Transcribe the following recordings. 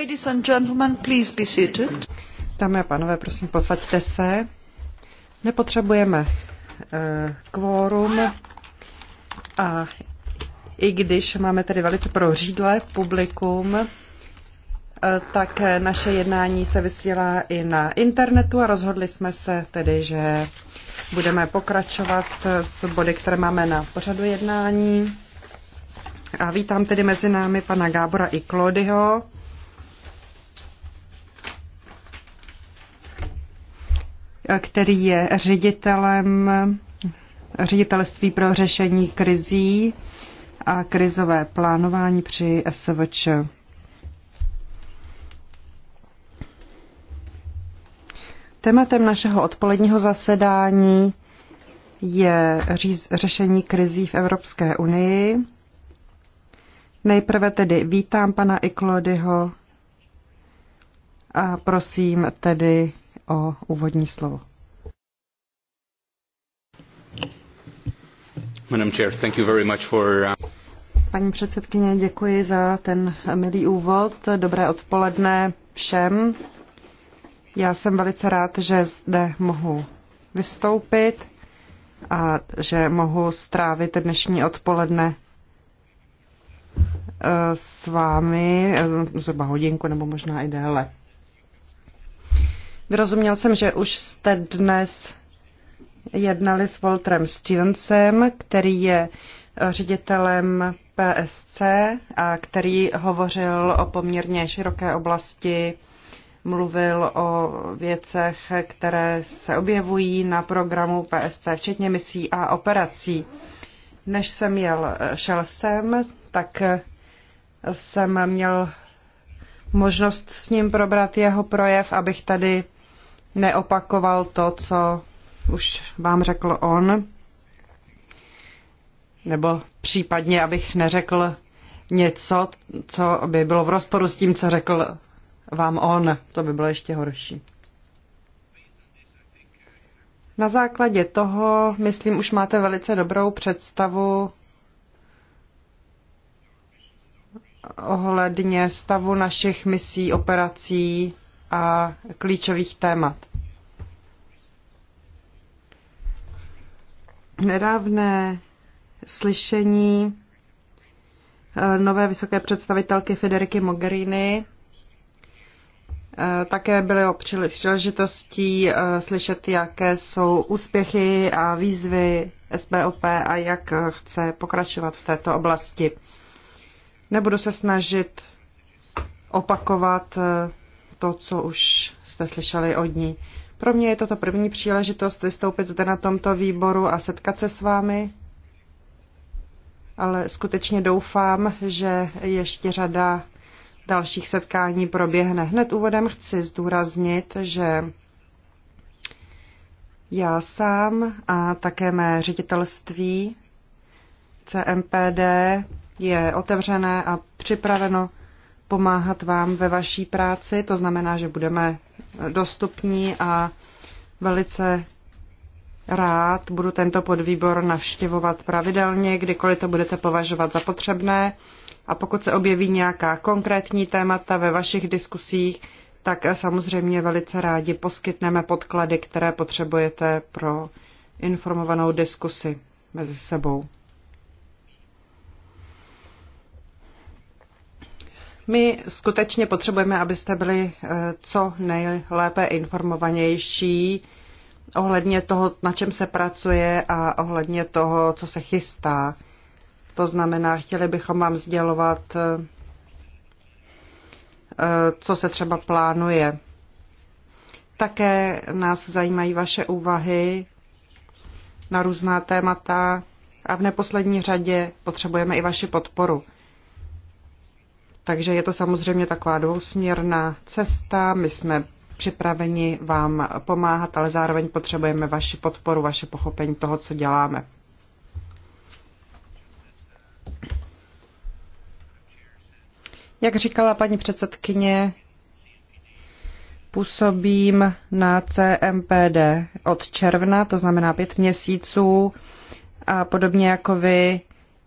Ladies and gentlemen, please be seated. Dámy a pánové, prosím, posaďte se. Nepotřebujeme eh, kvórum a i když máme tedy velice prořídlé publikum, eh, tak naše jednání se vysílá i na internetu a rozhodli jsme se tedy, že budeme pokračovat s body, které máme na pořadu jednání. A vítám tedy mezi námi pana Gábora i Klodyho, který je ředitelem ředitelství pro řešení krizí a krizové plánování při SVČ. Tématem našeho odpoledního zasedání je řešení krizí v Evropské unii. Nejprve tedy vítám pana Iklodyho a prosím tedy o úvodní slovo. Madam Chair, thank you very much for... Uh, Paní předsedkyně, děkuji za ten milý úvod. Dobré odpoledne všem. Já jsem velice rád, že zde mohu vystoupit a že mohu strávit dnešní odpoledne uh, s vámi eh, zhruba hodinku nebo možná i déle. Vyrozuměl jsem, že už jste dnes jednali s Voltrem Stevensem, který je eh, ředitelem PSC a který hovořil o poměrně široké oblasti, mluvil o věcech, které se objevují na programu PSC, včetně misí a operací. Než jsem jel, eh, šel sem, tak eh, jsem měl možnost s ním probrat jeho projev, abych tady neopakoval to, co už vám řekl on, nebo případně, abych neřekl něco, co by bylo v rozporu s tím, co řekl vám on. To by bylo ještě horší. Na základě toho, myslím, už máte velice dobrou představu ohledně stavu našich misí, operací a klíčových témat. Nedávné slyšení eh, nové vysoké představitelky Federiky Mogherini eh, také byly o příležitostí eh, slyšet, jaké jsou úspěchy a výzvy SBOP a jak chce pokračovat v této oblasti. Nebudu se snažit opakovat to, co už jste slyšeli od ní. Pro mě je toto první příležitost vystoupit zde na tomto výboru a setkat se s vámi, ale skutečně doufám, že ještě řada dalších setkání proběhne. Hned úvodem chci zdůraznit, že já sám a také mé ředitelství CMPD je otevřené a připraveno pomáhat vám ve vaší práci. To znamená, že budeme dostupní a velice rád budu tento podvýbor navštěvovat pravidelně, kdykoliv to budete považovat za potřebné. A pokud se objeví nějaká konkrétní témata ve vašich diskusích, tak samozřejmě velice rádi poskytneme podklady, které potřebujete pro informovanou diskusi mezi sebou. My skutečně potřebujeme, abyste byli eh, co nejlépe informovanější ohledně toho, na čem se pracuje a ohledně toho, co se chystá. To znamená, chtěli bychom vám sdělovat, eh, eh, co se třeba plánuje. Také nás zajímají vaše úvahy na různá témata a v neposlední řadě potřebujeme i vaši podporu. Takže je to samozřejmě taková dvousměrná cesta. My jsme připraveni vám pomáhat, ale zároveň potřebujeme vaši podporu, vaše pochopení toho, co děláme. Jak říkala paní předsedkyně, působím na CMPD od června, to znamená pět měsíců. A podobně jako vy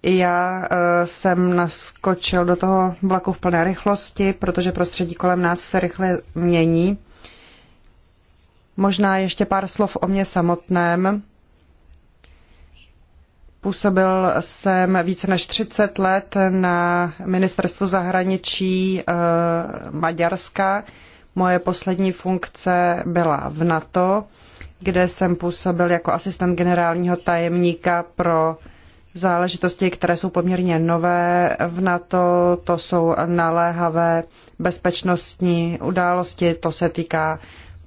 já eh, jsem naskočil do toho vlaku v plné rychlosti, protože prostředí kolem nás se rychle mění. Možná ještě pár slov o mě samotném. Působil jsem více než 30 let na ministerstvu zahraničí eh, Maďarska. Moje poslední funkce byla v NATO, kde jsem působil jako asistent generálního tajemníka pro záležitosti, které jsou poměrně nové v NATO, to jsou naléhavé bezpečnostní události, to se týká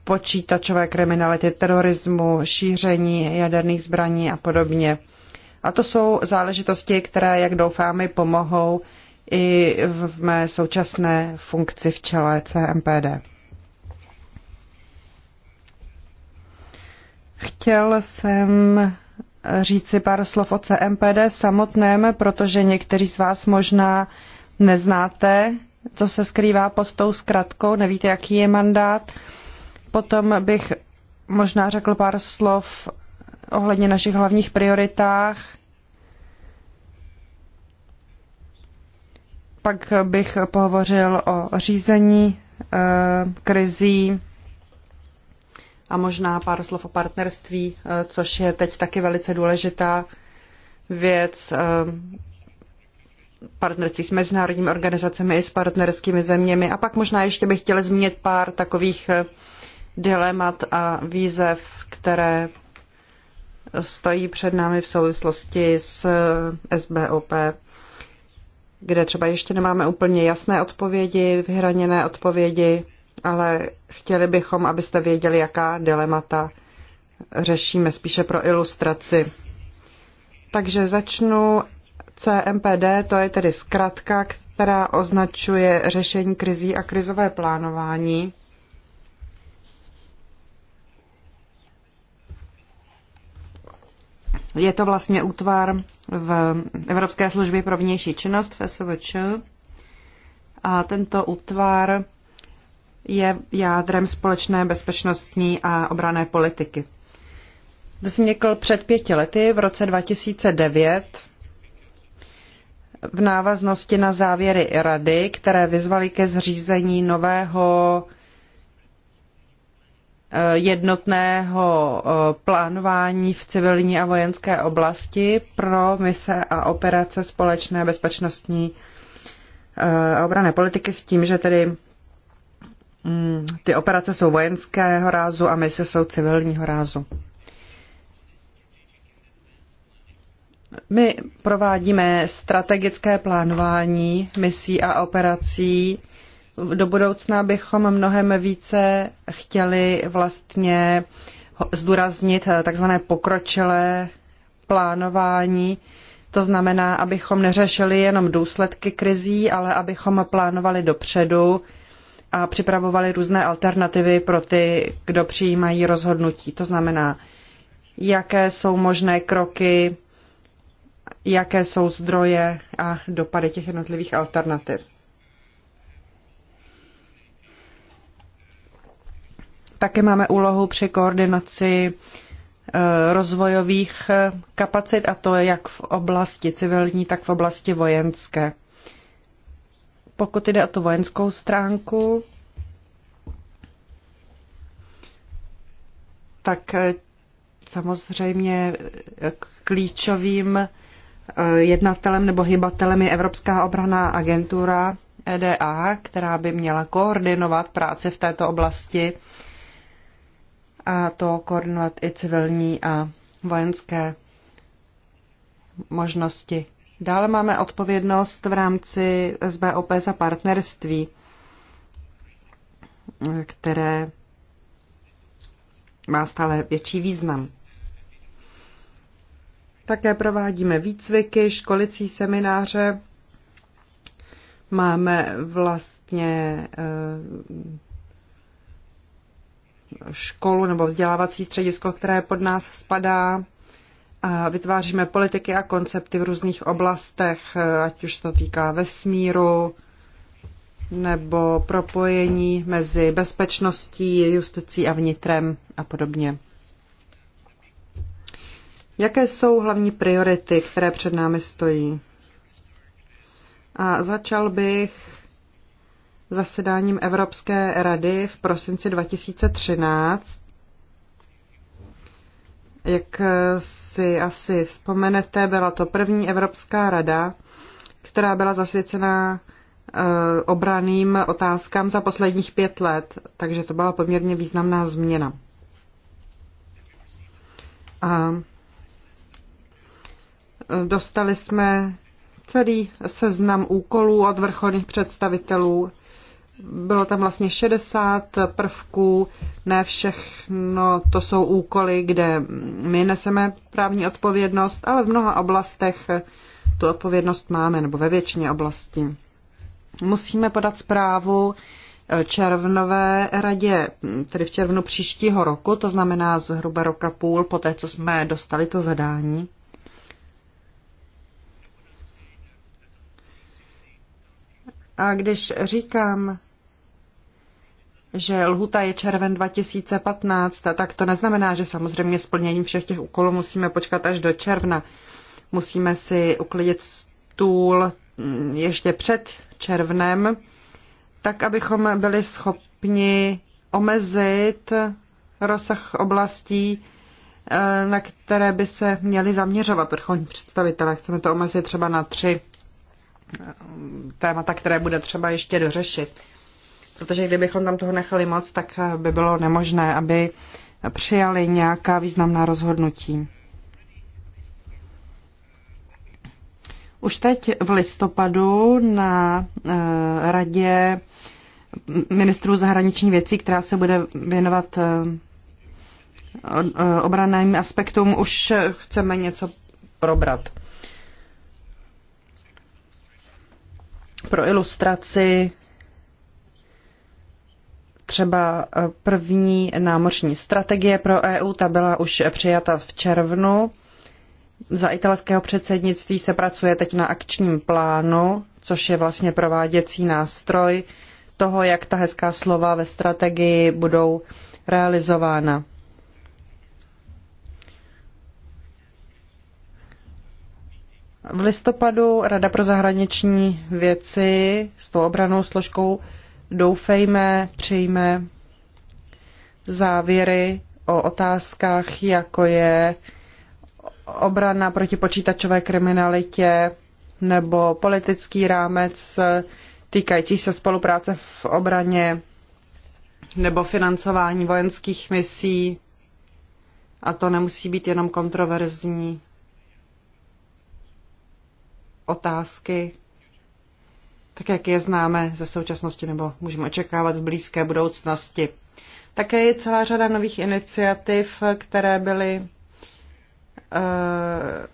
počítačové kriminality, terorismu, šíření jaderných zbraní a podobně. A to jsou záležitosti, které, jak doufáme, pomohou i v mé současné funkci v čele CMPD. Chtěl jsem říci pár slov o CMPD samotném, protože někteří z vás možná neznáte, co se skrývá pod tou zkratkou, nevíte, jaký je mandát. Potom bych možná řekl pár slov ohledně našich hlavních prioritách. Pak bych pohovořil o řízení eh, krizí a možná pár slov o partnerství, eh, což je teď taky velice důležitá věc. Eh, partnerství s mezinárodními organizacemi i s partnerskými zeměmi. A pak možná ještě bych chtěla zmínit pár takových eh, dilemat a výzev, které stojí před námi v souvislosti s SBOP, kde třeba ještě nemáme úplně jasné odpovědi, vyhraněné odpovědi ale chtěli bychom, abyste věděli, jaká dilemata řešíme spíše pro ilustraci. Takže začnu CMPD, to je tedy zkratka, která označuje řešení krizí a krizové plánování. Je to vlastně útvar v Evropské službě pro vnější činnost v SVČ. A tento útvar je jádrem společné bezpečnostní a obrané politiky. Vznikl před pěti lety v roce 2009 v návaznosti na závěry rady, které vyzvaly ke zřízení nového eh, jednotného eh, plánování v civilní a vojenské oblasti pro mise a operace společné bezpečnostní eh, a obrané politiky s tím, že tedy Mm, ty operace jsou vojenského rázu a mise jsou civilního rázu. My provádíme strategické plánování misí a operací. Do budoucna bychom mnohem více chtěli vlastně zdůraznit takzvané pokročilé plánování. To znamená, abychom neřešili jenom důsledky krizí, ale abychom plánovali dopředu, a připravovali různé alternativy pro ty, kdo přijímají rozhodnutí. To znamená, jaké jsou možné kroky, jaké jsou zdroje a dopady těch jednotlivých alternativ. Také máme úlohu při koordinaci eh, rozvojových kapacit, a to jak v oblasti civilní, tak v oblasti vojenské. Pokud jde o tu vojenskou stránku, tak eh, samozřejmě eh, klíčovým eh, jednatelem nebo hybatelem je Evropská obraná agentura EDA, která by měla koordinovat práci v této oblasti a to koordinovat i civilní a vojenské možnosti. Dále máme odpovědnost v rámci SBOP za partnerství, které má stále větší význam. Také provádíme výcviky, školicí semináře. Máme vlastně eh, školu nebo vzdělávací středisko, které pod nás spadá a vytváříme politiky a koncepty v různých oblastech, ať už to týká vesmíru nebo propojení mezi bezpečností, justicí a vnitrem a podobně. Jaké jsou hlavní priority, které před námi stojí? A začal bych zasedáním Evropské rady v prosinci 2013, jak eh, si asi vzpomenete, byla to první Evropská rada, která byla zasvěcená eh, obraným otázkám za posledních pět let, takže to byla poměrně významná změna. A eh, dostali jsme celý seznam úkolů od vrcholných představitelů bylo tam vlastně 60 prvků, ne všechno to jsou úkoly, kde my neseme právní odpovědnost, ale v mnoha oblastech tu odpovědnost máme, nebo ve většině oblastí. Musíme podat zprávu červnové radě, tedy v červnu příštího roku, to znamená zhruba roka půl po té, co jsme dostali to zadání. A když říkám, že lhuta je červen 2015, tak to neznamená, že samozřejmě splněním všech těch úkolů musíme počkat až do června. Musíme si uklidit stůl mm, ještě před červnem, tak abychom byli schopni omezit rozsah oblastí, eh, na které by se měli zaměřovat vrcholní představitelé. Chceme to omezit třeba na tři eh, témata, které bude třeba ještě dořešit protože kdybychom tam toho nechali moc, tak eh, by bylo nemožné, aby přijali nějaká významná rozhodnutí. Už teď v listopadu na eh, radě ministrů zahraniční věcí, která se bude věnovat eh, obraným aspektům, už chceme něco probrat. Pro ilustraci třeba eh, první námořní strategie pro EU, ta byla už přijata v červnu. Za italského předsednictví se pracuje teď na akčním plánu, což je vlastně prováděcí nástroj toho, jak ta hezká slova ve strategii budou realizována. V listopadu Rada pro zahraniční věci s tou obranou složkou doufejme, přijme závěry o otázkách, jako je obrana proti počítačové kriminalitě nebo politický rámec týkající se spolupráce v obraně nebo financování vojenských misí. A to nemusí být jenom kontroverzní otázky, tak jak je známe ze současnosti nebo můžeme očekávat v blízké budoucnosti. Také je celá řada nových iniciativ, které byly, eh,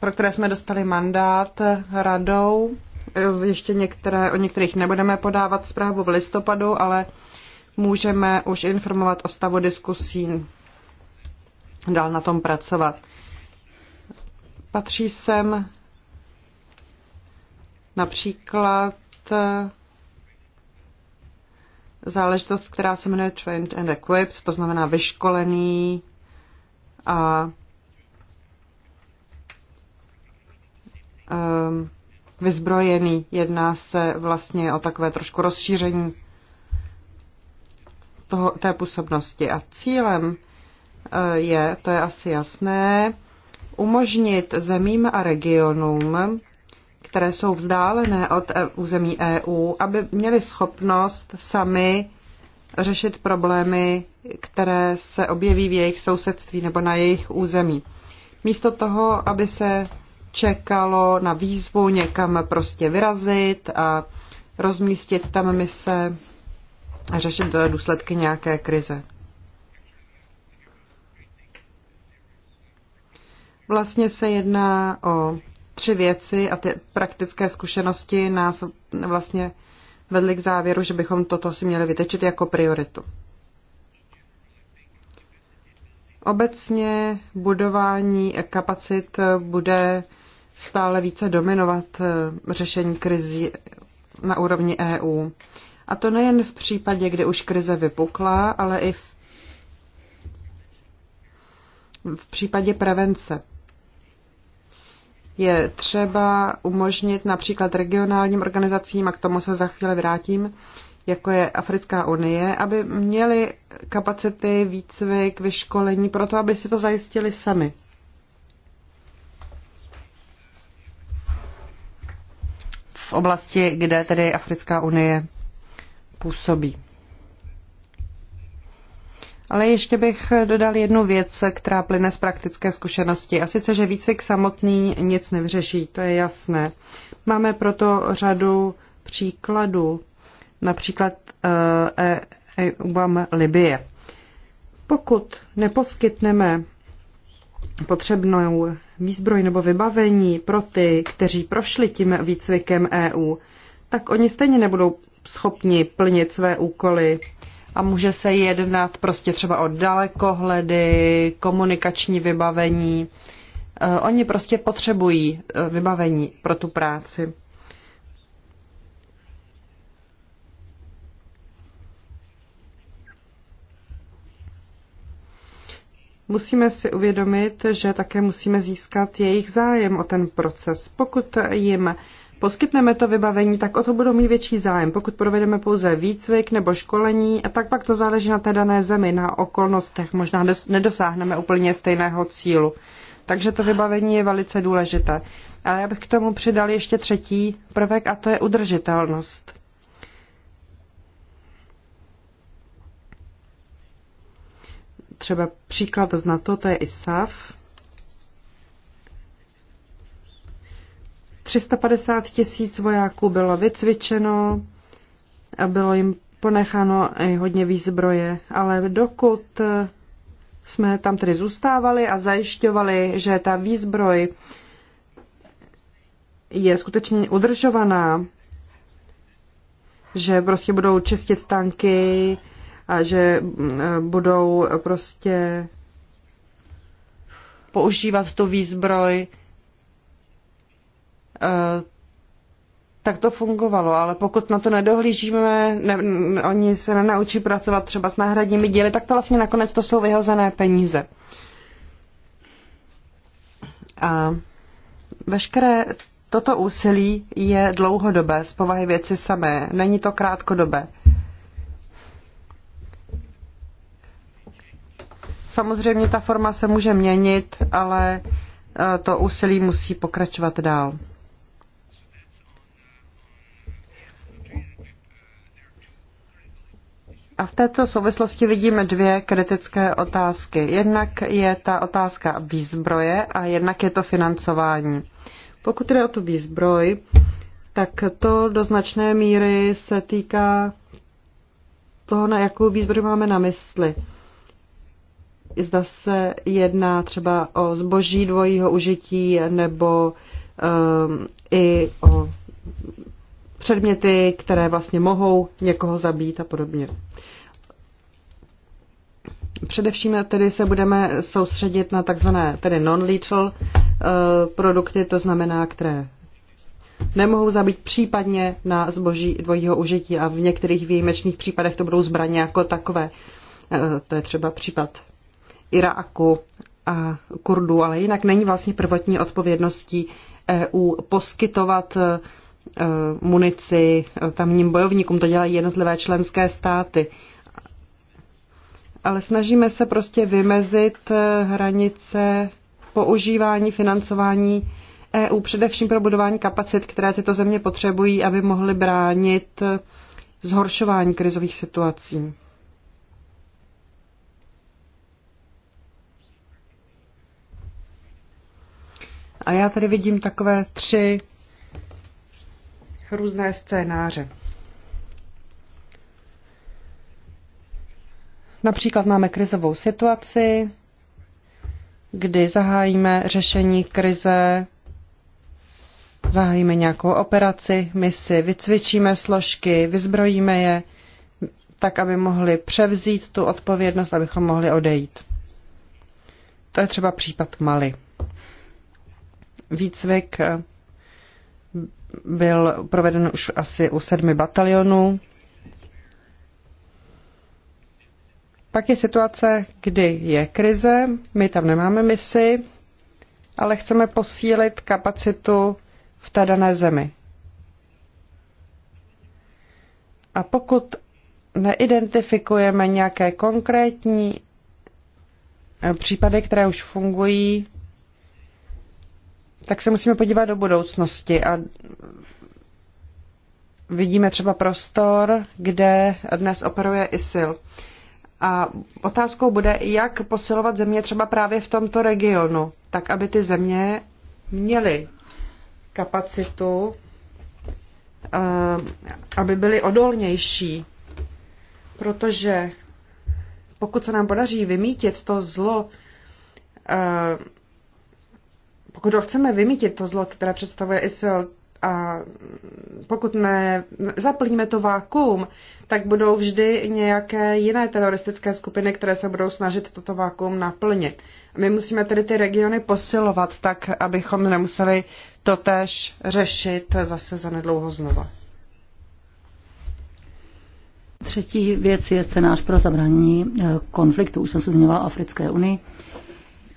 pro které jsme dostali mandát radou. Ještě některé, o některých nebudeme podávat zprávu v listopadu, ale můžeme už informovat o stavu diskusí, dál na tom pracovat. Patří sem Například eh, záležitost, která se jmenuje Trained and Equipped, to znamená vyškolený a um, vyzbrojený. Jedná se vlastně o takové trošku rozšíření toho, té působnosti. A cílem eh, je, to je asi jasné, umožnit zemím a regionům které jsou vzdálené od e- území EU, aby měli schopnost sami řešit problémy, které se objeví v jejich sousedství nebo na jejich území. Místo toho, aby se čekalo na výzvu někam prostě vyrazit a rozmístit tam mise a řešit důsledky nějaké krize. Vlastně se jedná o tři věci a ty praktické zkušenosti nás vlastně vedly k závěru, že bychom toto si měli vytečit jako prioritu. Obecně budování kapacit bude stále více dominovat eh, řešení krizi na úrovni EU. A to nejen v případě, kdy už krize vypukla, ale i v, v případě prevence je třeba umožnit například regionálním organizacím, a k tomu se za chvíli vrátím, jako je Africká unie, aby měli kapacity, výcvik, vyškolení, proto aby si to zajistili sami. V oblasti, kde tedy Africká unie působí. Ale ještě bych dodal jednu věc, která plyne z praktické zkušenosti. A sice, že výcvik samotný nic nevřeší, to je jasné. Máme proto řadu příkladů, například eh, e, EUBAM e, Libie. Pokud neposkytneme potřebnou výzbroj nebo vybavení pro ty, kteří prošli tím výcvikem EU, tak oni stejně nebudou schopni plnit své úkoly a může se jednat prostě třeba o dalekohledy, komunikační vybavení. E, oni prostě potřebují e, vybavení pro tu práci. Musíme si uvědomit, že také musíme získat jejich zájem o ten proces. Pokud jim poskytneme to vybavení, tak o to budou mít větší zájem. Pokud provedeme pouze výcvik nebo školení, tak pak to záleží na té dané zemi, na okolnostech. Možná nedosáhneme úplně stejného cílu. Takže to vybavení je velice důležité. Ale já bych k tomu přidal ještě třetí prvek a to je udržitelnost. Třeba příklad z NATO, to je ISAF. 350 tisíc vojáků bylo vycvičeno, a bylo jim ponecháno i hodně výzbroje, ale dokud jsme tam tedy zůstávali a zajišťovali, že ta výzbroj je skutečně udržovaná, že prostě budou čistit tanky a že mm, budou prostě používat tu výzbroj, Eh, tak to fungovalo, ale pokud na to nedohlížíme, ne, oni se nenaučí pracovat třeba s náhradními díly, tak to vlastně nakonec to jsou vyhozené peníze. A veškeré toto úsilí je dlouhodobé, z povahy věci samé, není to krátkodobé. Samozřejmě ta forma se může měnit, ale eh, to úsilí musí pokračovat dál. A v této souvislosti vidíme dvě kritické otázky. Jednak je ta otázka výzbroje a jednak je to financování. Pokud jde o tu výzbroj, tak to do značné míry se týká toho, na jakou výzbroj máme na mysli. Zda se jedná třeba o zboží dvojího užití nebo um, i o předměty, které vlastně mohou někoho zabít a podobně. Především tedy se budeme soustředit na takzvané tedy non-lethal eh, produkty, to znamená, které nemohou zabít případně na zboží dvojího užití a v některých výjimečných případech to budou zbraně jako takové. Eh, to je třeba případ Iráku a Kurdu, ale jinak není vlastně prvotní odpovědností EU poskytovat eh, Eh, munici eh, tamním bojovníkům, to dělají jednotlivé členské státy. Ale snažíme se prostě vymezit eh, hranice používání, financování EU především pro budování kapacit, které tyto země potřebují, aby mohly bránit zhoršování krizových situací. A já tady vidím takové tři různé scénáře. Například máme krizovou situaci, kdy zahájíme řešení krize, zahájíme nějakou operaci, misi, vycvičíme složky, vyzbrojíme je, tak aby mohli převzít tu odpovědnost, abychom mohli odejít. To je třeba případ Mali. Výcvik byl proveden už asi u sedmi batalionů. Pak je situace, kdy je krize, my tam nemáme misi, ale chceme posílit kapacitu v té dané zemi. A pokud neidentifikujeme nějaké konkrétní eh, případy, které už fungují, tak se musíme podívat do budoucnosti a vidíme třeba prostor, kde dnes operuje ISIL. A otázkou bude, jak posilovat země třeba právě v tomto regionu, tak aby ty země měly kapacitu, eh, aby byly odolnější. Protože pokud se nám podaří vymítit to zlo, eh, pokud ho chceme vymítit, to zlo, které představuje ISIL, a pokud ne, zaplníme to vákuum, tak budou vždy nějaké jiné teroristické skupiny, které se budou snažit toto vákuum naplnit. My musíme tedy ty regiony posilovat tak, abychom nemuseli totéž řešit zase za nedlouho znova. Třetí věc je scénář pro zabranění eh, konfliktu. Už jsem se zmiňovala Africké unii.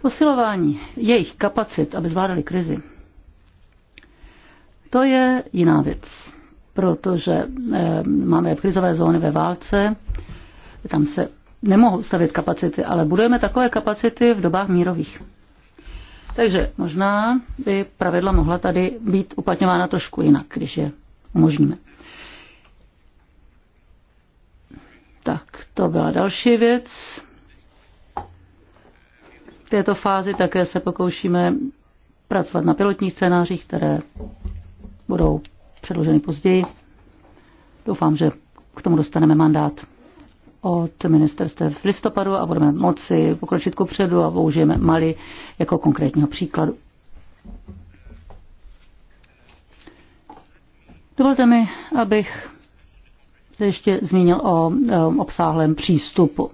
Posilování jejich kapacit, aby zvládali krizi, to je jiná věc, protože eh, máme krizové zóny ve válce, tam se nemohou stavit kapacity, ale budujeme takové kapacity v dobách mírových. Takže možná by pravidla mohla tady být uplatňována trošku jinak, když je umožníme. Tak, to byla další věc této fázi také se pokoušíme pracovat na pilotních scénářích, které budou předloženy později. Doufám, že k tomu dostaneme mandát od ministerstva v listopadu a budeme moci pokročit předu a použijeme Mali jako konkrétního příkladu. Dovolte mi, abych se ještě zmínil o obsáhlém přístupu.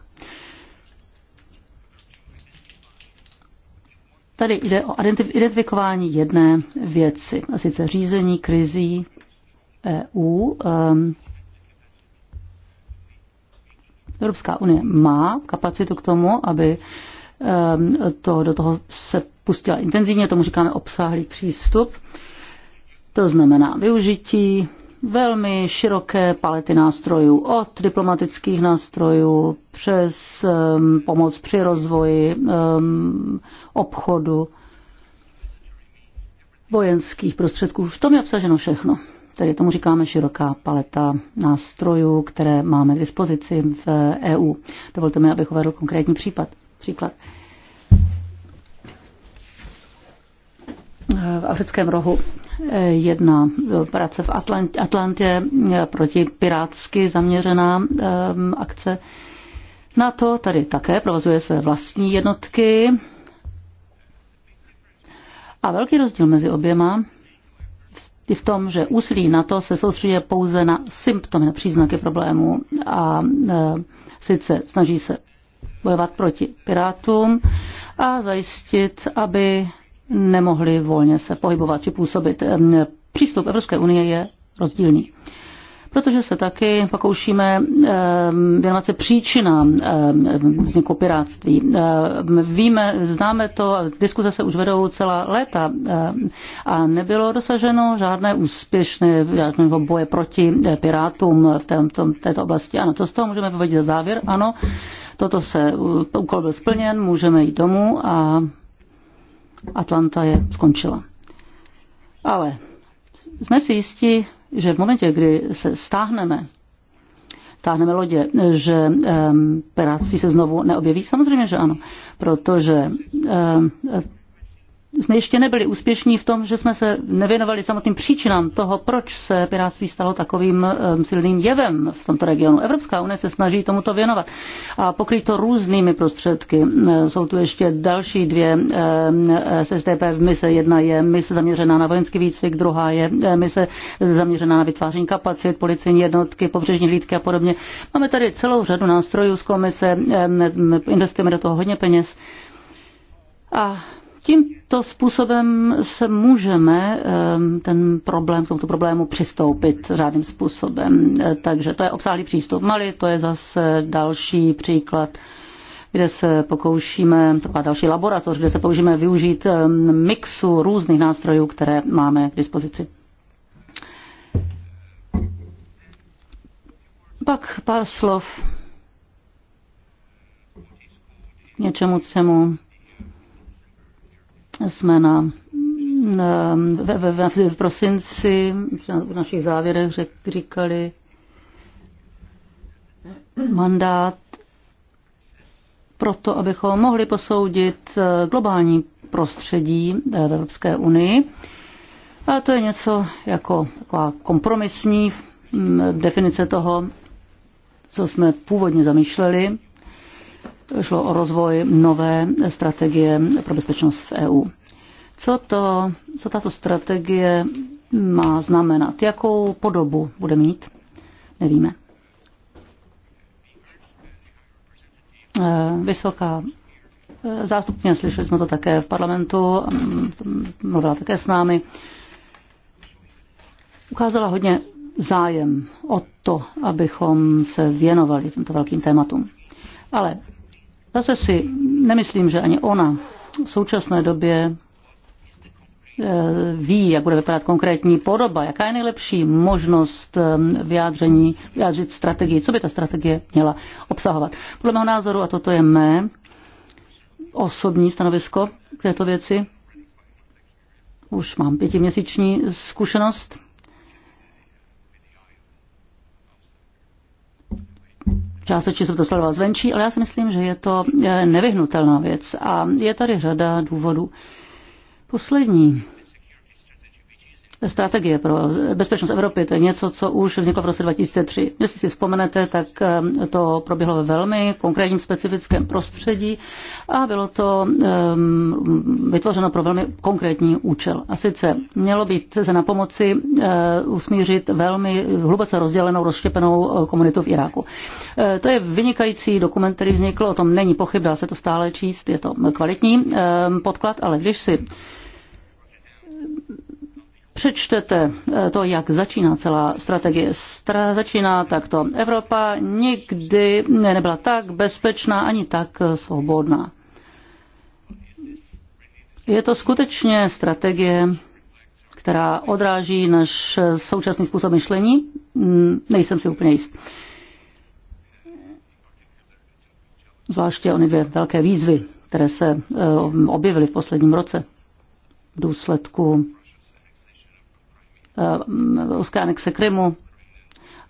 Tady jde o identifikování jedné věci, a sice řízení krizí EU. Ehm, Evropská unie má kapacitu k tomu, aby ehm, to do toho se pustila intenzivně, tomu říkáme obsáhlý přístup. To znamená využití velmi široké palety nástrojů, od diplomatických nástrojů přes um, pomoc při rozvoji um, obchodu, vojenských prostředků. V tom je obsaženo všechno. Tedy tomu říkáme široká paleta nástrojů, které máme k dispozici v EU. Dovolte mi, abych uvedl konkrétní případ. Příklad. v africkém rohu eh, jedna práce v Atlantě, Atlantě eh, proti pirátsky zaměřená eh, akce. NATO tady také provozuje své vlastní jednotky. A velký rozdíl mezi oběma je v tom, že úsilí NATO se soustředí pouze na symptomy, na příznaky problému a e, sice snaží se bojovat proti pirátům a zajistit, aby nemohli volně se pohybovat či působit. Přístup Evropské unie je rozdílný protože se taky pokoušíme věnovat se příčinám vzniku piráctví. Víme, známe to, diskuze se už vedou celá léta a nebylo dosaženo žádné úspěšné boje proti eh, pirátům v této, této oblasti. Ano, co z toho můžeme vyvodit závěr? Ano, toto se, úkol byl splněn, můžeme jít domů a Atlanta je skončila. Ale jsme si jistí, že v momentě, kdy se stáhneme, stáhneme lodě, že um, piráctví se znovu neobjeví? Samozřejmě, že ano, protože um, jsme ještě nebyli úspěšní v tom, že jsme se nevěnovali samotným příčinám toho, proč se pirátství stalo takovým silným jevem v tomto regionu. Evropská unie se snaží tomuto věnovat a pokryt to různými prostředky. E, jsou tu ještě další dvě SSDP v mise. Jedna je mise zaměřená na vojenský výcvik, druhá je e, mise zaměřená na vytváření kapacit, policejní jednotky, pobřežní hlídky a podobně. Máme tady celou řadu nástrojů z komise, investujeme do toho hodně peněz. A Tímto způsobem se můžeme ten problém, k tomuto problému přistoupit řádným způsobem. E, takže to je obsáhlý přístup Mali, to je zase další příklad kde se pokoušíme, taková další laboratoř, kde se pokoušíme využít mixu různých nástrojů, které máme k dispozici. Pak pár slov něčemu, čemu jsme na v, v, v, v prosinci v našich závěrech řek, říkali, mandát to, abychom mohli posoudit eh, globální prostředí eh, v Evropské unii. A to je něco jako taková kompromisní mm, definice toho, co jsme původně zamýšleli šlo o rozvoj nové strategie pro bezpečnost v EU. Co, to, co tato strategie má znamenat? Jakou podobu bude mít? Nevíme. Eh, vysoká eh, zástupně, slyšeli jsme to také v parlamentu, mm, mluvila také s námi, ukázala hodně zájem o to, abychom se věnovali těmto velkým tématům. Ale Zase si nemyslím, že ani ona v současné době eh, ví, jak bude vypadat konkrétní podoba, jaká je nejlepší možnost eh, vyjádření, vyjádřit strategii, co by ta strategie měla obsahovat. Podle mého názoru, a toto je mé osobní stanovisko k této věci, už mám pětiměsíční zkušenost Částečně jsem to sledoval zvenčí, ale já si myslím, že je to eh, nevyhnutelná věc a je tady řada důvodů. Poslední strategie pro bezpečnost Evropy, to je něco, co už vzniklo v roce 2003. Jestli si vzpomenete, tak eh, to proběhlo ve velmi konkrétním specifickém prostředí a bylo to ehm, vytvořeno pro velmi konkrétní účel. A sice mělo být se na pomoci eh, usmířit velmi hluboce rozdělenou, rozštěpenou eh, komunitu v Iráku. to je vynikající dokument, který vznikl, o tom není pochyb, dá se to stále číst, je to kvalitní ehm, podklad, ale když si přečtete eh, to, jak začíná celá strategie, Stra- začíná takto. Evropa nikdy nebyla tak bezpečná ani tak eh, svobodná. Je to skutečně strategie, která odráží náš eh, současný způsob myšlení? Hmm, nejsem si úplně jist. Zvláště ony dvě velké výzvy, které se objevily v posledním roce v důsledku ruské eh, anexe Krymu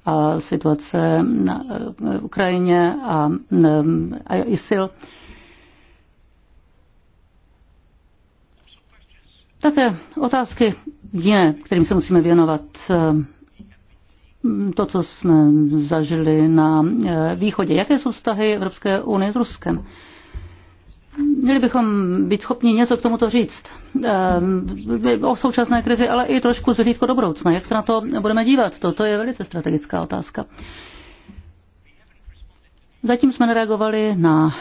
a situace na eh, Ukrajině a, eh, a ISIL. Také otázky jiné, kterým se musíme věnovat. To, co jsme zažili na východě. Jaké jsou vztahy Evropské unie s Ruskem? Měli bychom být schopni něco k tomuto říct eh, o současné krizi, ale i trošku zhlídko do budoucna. Jak se na to budeme dívat? To, to je velice strategická otázka. Zatím jsme nereagovali na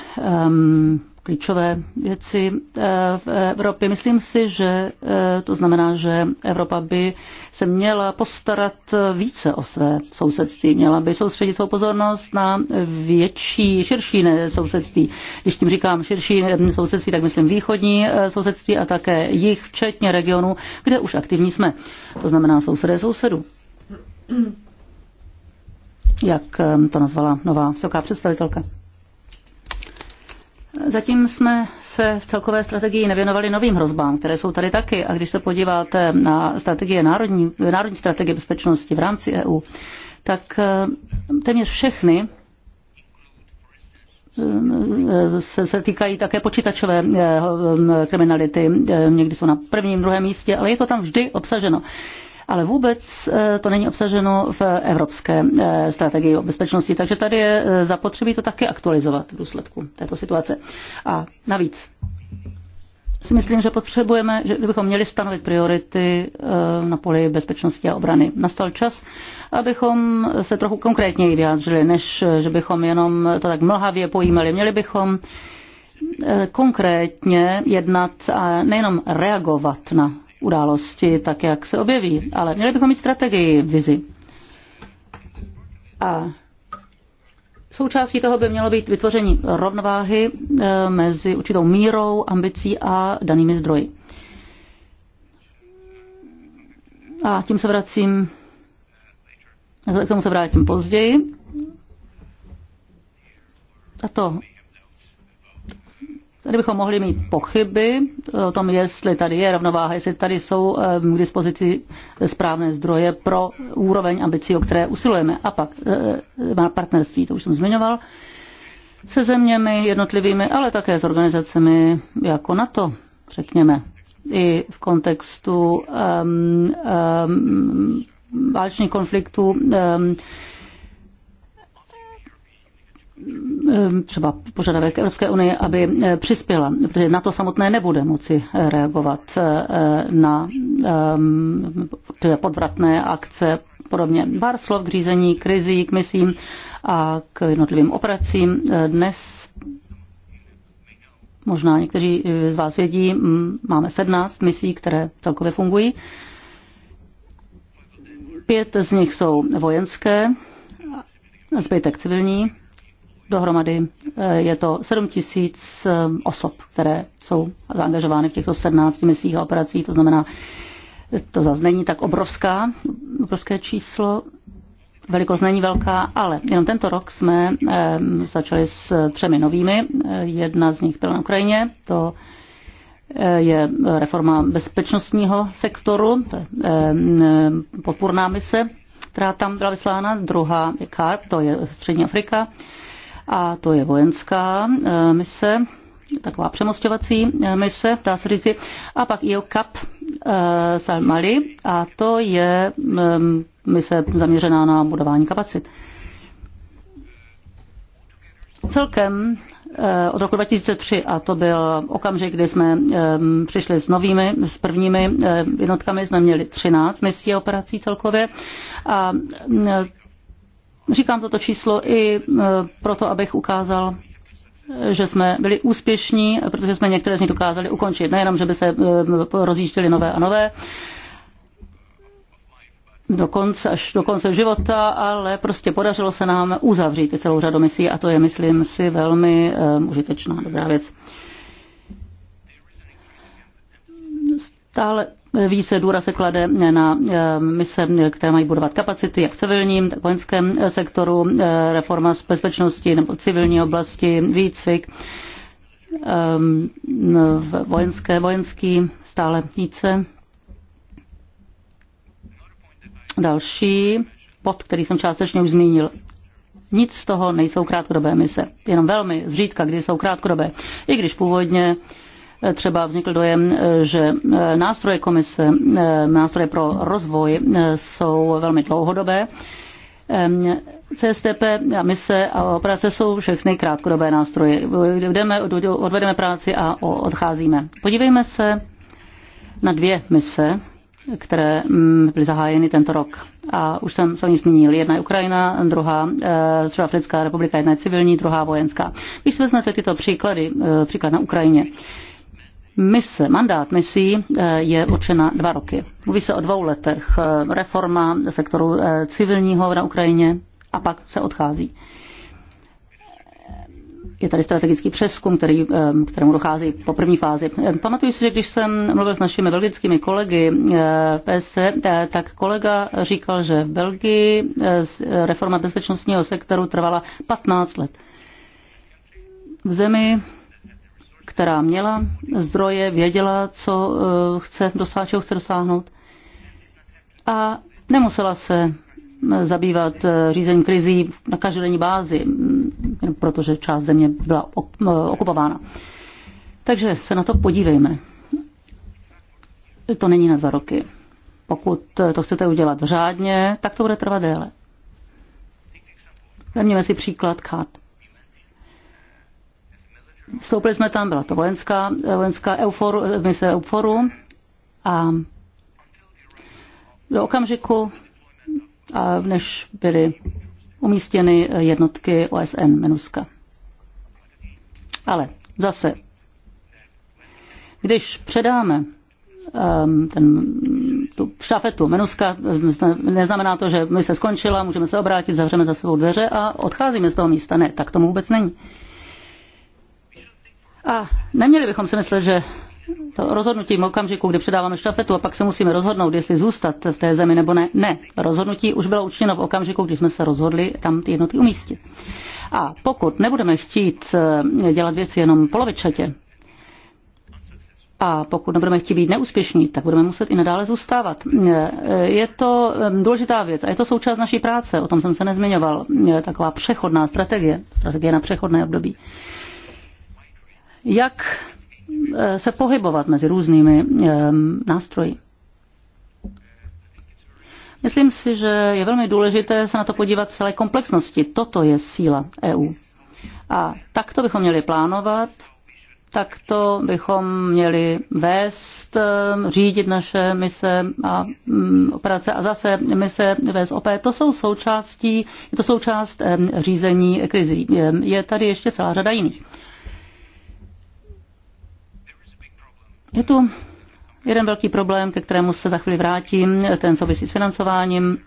um, klíčové věci eh, v Evropě. Myslím si, že eh, to znamená, že Evropa by se měla postarat více o své sousedství. Měla by soustředit svou pozornost na větší, širší sousedství. Když tím říkám širší eh, sousedství, tak myslím východní sousedství a také jich, včetně regionu, kde už aktivní jsme. To znamená sousedé sousedů jak to nazvala nová vysoká představitelka. Zatím jsme se v celkové strategii nevěnovali novým hrozbám, které jsou tady taky. A když se podíváte na strategie národní, národní strategie bezpečnosti v rámci EU, tak eh, téměř všechny eh, se, se týkají také počítačové eh, kriminality. Někdy jsou na prvním, druhém místě, ale je to tam vždy obsaženo ale vůbec eh, to není obsaženo v evropské eh, strategii o bezpečnosti, takže tady je eh, zapotřebí to také aktualizovat v důsledku této situace. A navíc si myslím, že potřebujeme, že kdybychom měli stanovit priority na poli bezpečnosti a obrany. Nastal čas, abychom se trochu konkrétněji vyjádřili, než že bychom jenom to tak mlhavě pojímali. Měli bychom konkrétně jednat a nejenom reagovat na události tak, jak se objeví. Ale měli bychom mít strategii, vizi. A Součástí toho by mělo být vytvoření rovnováhy eh, mezi určitou mírou, ambicí a danými zdroji. A tím se vracím, k tomu se vrátím později. A to. Tady bychom mohli mít pochyby o tom, jestli tady je rovnováha, jestli tady jsou ehm, k dispozici správné zdroje pro úroveň ambicí, o které usilujeme. A pak e, e, má partnerství, to už jsem zmiňoval, se zeměmi jednotlivými, ale také s organizacemi jako NATO, řekněme, i v kontextu um, um, válečných konfliktů. Um, Ehm, třeba požadavek Evropské unie, aby eh, přispěla, protože na to samotné nebude moci eh, reagovat eh, na ehm, podvratné akce podobně. Pár slov k řízení rizí, k misím a k jednotlivým operacím. Dnes možná někteří z vás vědí, máme 17 misí, které celkově fungují. Pět z nich jsou vojenské, zbytek civilní Dohromady eh, je to 7 tisíc eh, osob, které jsou zaangažovány v těchto 17 misích a operacích, to znamená, to zase není tak obrovská, obrovské číslo, velikost není velká, ale jenom tento rok jsme eh, začali s třemi novými. Jedna z nich byla na Ukrajině, to je reforma bezpečnostního sektoru, to je podpůrná mise, která tam byla vyslána. Druhá je CARP, to je Střední Afrika a to je vojenská eh, mise, taková přemostovací eh, mise, dá se říci, a pak IOCAP z eh, Mali a to je mise zaměřená na budování kapacit. Celkem od roku 2003 a to byl okamžik, kdy jsme přišli s novými, s prvními jednotkami, jsme měli 13 misí operací celkově a Říkám toto číslo i e, proto, abych ukázal, že jsme byli úspěšní, protože jsme některé z nich dokázali ukončit. Nejenom, že by se e, rozjížděly nové a nové, dokonce, až do konce života, ale prostě podařilo se nám uzavřít celou řadu misí a to je, myslím si, velmi um, užitečná dobrá věc. Stále více důraz se klade na eh, mise, které mají budovat kapacity jak v civilním, tak v vojenském eh, sektoru, eh, reforma z bezpečnosti nebo civilní oblasti, výcvik, vojenské, vojenský stále více. Další bod, který jsem částečně už zmínil. Nic z toho nejsou krátkodobé mise. Jenom velmi zřídka, kdy jsou krátkodobé. I když původně uh, třeba vznikl dojem, že eh, nástroje komise, eh, nástroje pro rozvoj eh, jsou velmi dlouhodobé. Ehm, CSTP a mise a operace jsou všechny krátkodobé nástroje. Jdeme, odvedeme práci a odcházíme. Podívejme se na dvě mise, které mm, byly zahájeny tento rok. A už jsem se o ní zmínil. Jedna je Ukrajina, druhá e, Středoafrická republika, jedna je civilní, druhá vojenská. Když si vezmete tyto příklady, e, příklad na Ukrajině, Mise, mandát misí eh, je určena dva roky. Mluví se o dvou letech. Eh, reforma sektoru eh, civilního na Ukrajině a pak se odchází. Je tady strategický přeskum, který, kterému dochází po první fázi. Pamatuju si, že když jsem mluvil s našimi belgickými kolegy v PSC, tak kolega říkal, že v Belgii reforma bezpečnostního sektoru trvala 15 let. V zemi která měla zdroje, věděla, co eh, chce dosáhnout, čeho chce dosáhnout a nemusela se hm, zabývat eh, řízením krizí na každodenní bázi, hm, protože část země byla eh, okupována. Takže se na to podívejme. To není na dva roky. Pokud to chcete udělat řádně, tak to bude trvat déle. Vezměme si příklad KAT. Vstoupili jsme tam, byla to vojenská, vojenská euforu, mise euforu a do okamžiku, a než byly umístěny jednotky OSN Menuska. Ale zase, když předáme um, ten, tu štafetu Menuska, neznamená to, že my se skončila, můžeme se obrátit, zavřeme za sebou dveře a odcházíme z toho místa. Ne, tak tomu vůbec není. A neměli bychom si myslet, že to rozhodnutí v okamžiku, kdy předáváme štafetu a pak se musíme rozhodnout, jestli zůstat v té zemi nebo ne. Ne, rozhodnutí už bylo učiněno v okamžiku, kdy jsme se rozhodli tam ty jednoty umístit. A pokud nebudeme chtít eh, dělat věci jenom polovičatě, a pokud nebudeme chtít být neúspěšní, tak budeme muset i nadále zůstávat. Eh, je to eh, důležitá věc a je to součást naší práce, o tom jsem se nezmiňoval, taková přechodná strategie, strategie na přechodné období jak eh, se pohybovat mezi různými eh, nástroji. Myslím si, že je velmi důležité se na to podívat v celé komplexnosti. Toto je síla EU. A takto bychom měli plánovat, takto bychom měli vést, eh, řídit naše mise a mm, operace a zase mise VSOP. To jsou součástí, je to součást řízení krizí. Je tady ještě celá řada jiných. Je tu jeden velký problém, ke kterému se za chvíli vrátím, ten souvisí s financováním,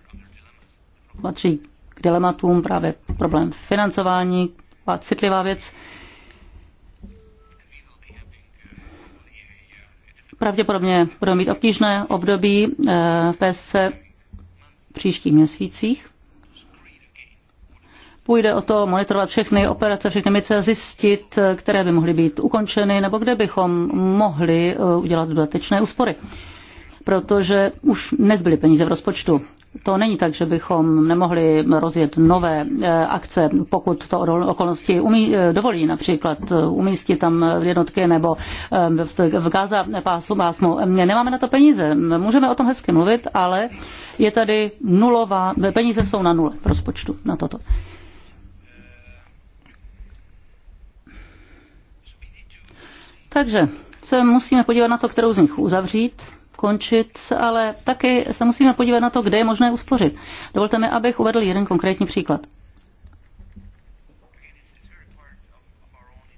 patří k dilematům právě problém financování, a citlivá věc. Pravděpodobně budou mít obtížné období eh, v PSC v příštích měsících. Půjde o to monitorovat všechny operace, všechny mice, zjistit, které by mohly být ukončeny nebo kde bychom mohli eh, udělat dodatečné úspory. Protože už nezbyly peníze v rozpočtu. To není tak, že bychom nemohli rozjet nové eh, akce, pokud to okolnosti umí, eh, dovolí, například umístit tam jednotky nebo v, v Gaza pásu, pásmu. Nemáme na to peníze. Můžeme o tom hezky mluvit, ale je tady nulová, peníze jsou na nule v rozpočtu na toto. Takže se musíme podívat na to, kterou z nich uzavřít, končit, ale taky se musíme podívat na to, kde je možné uspořit. Dovolte mi, abych uvedl jeden konkrétní příklad.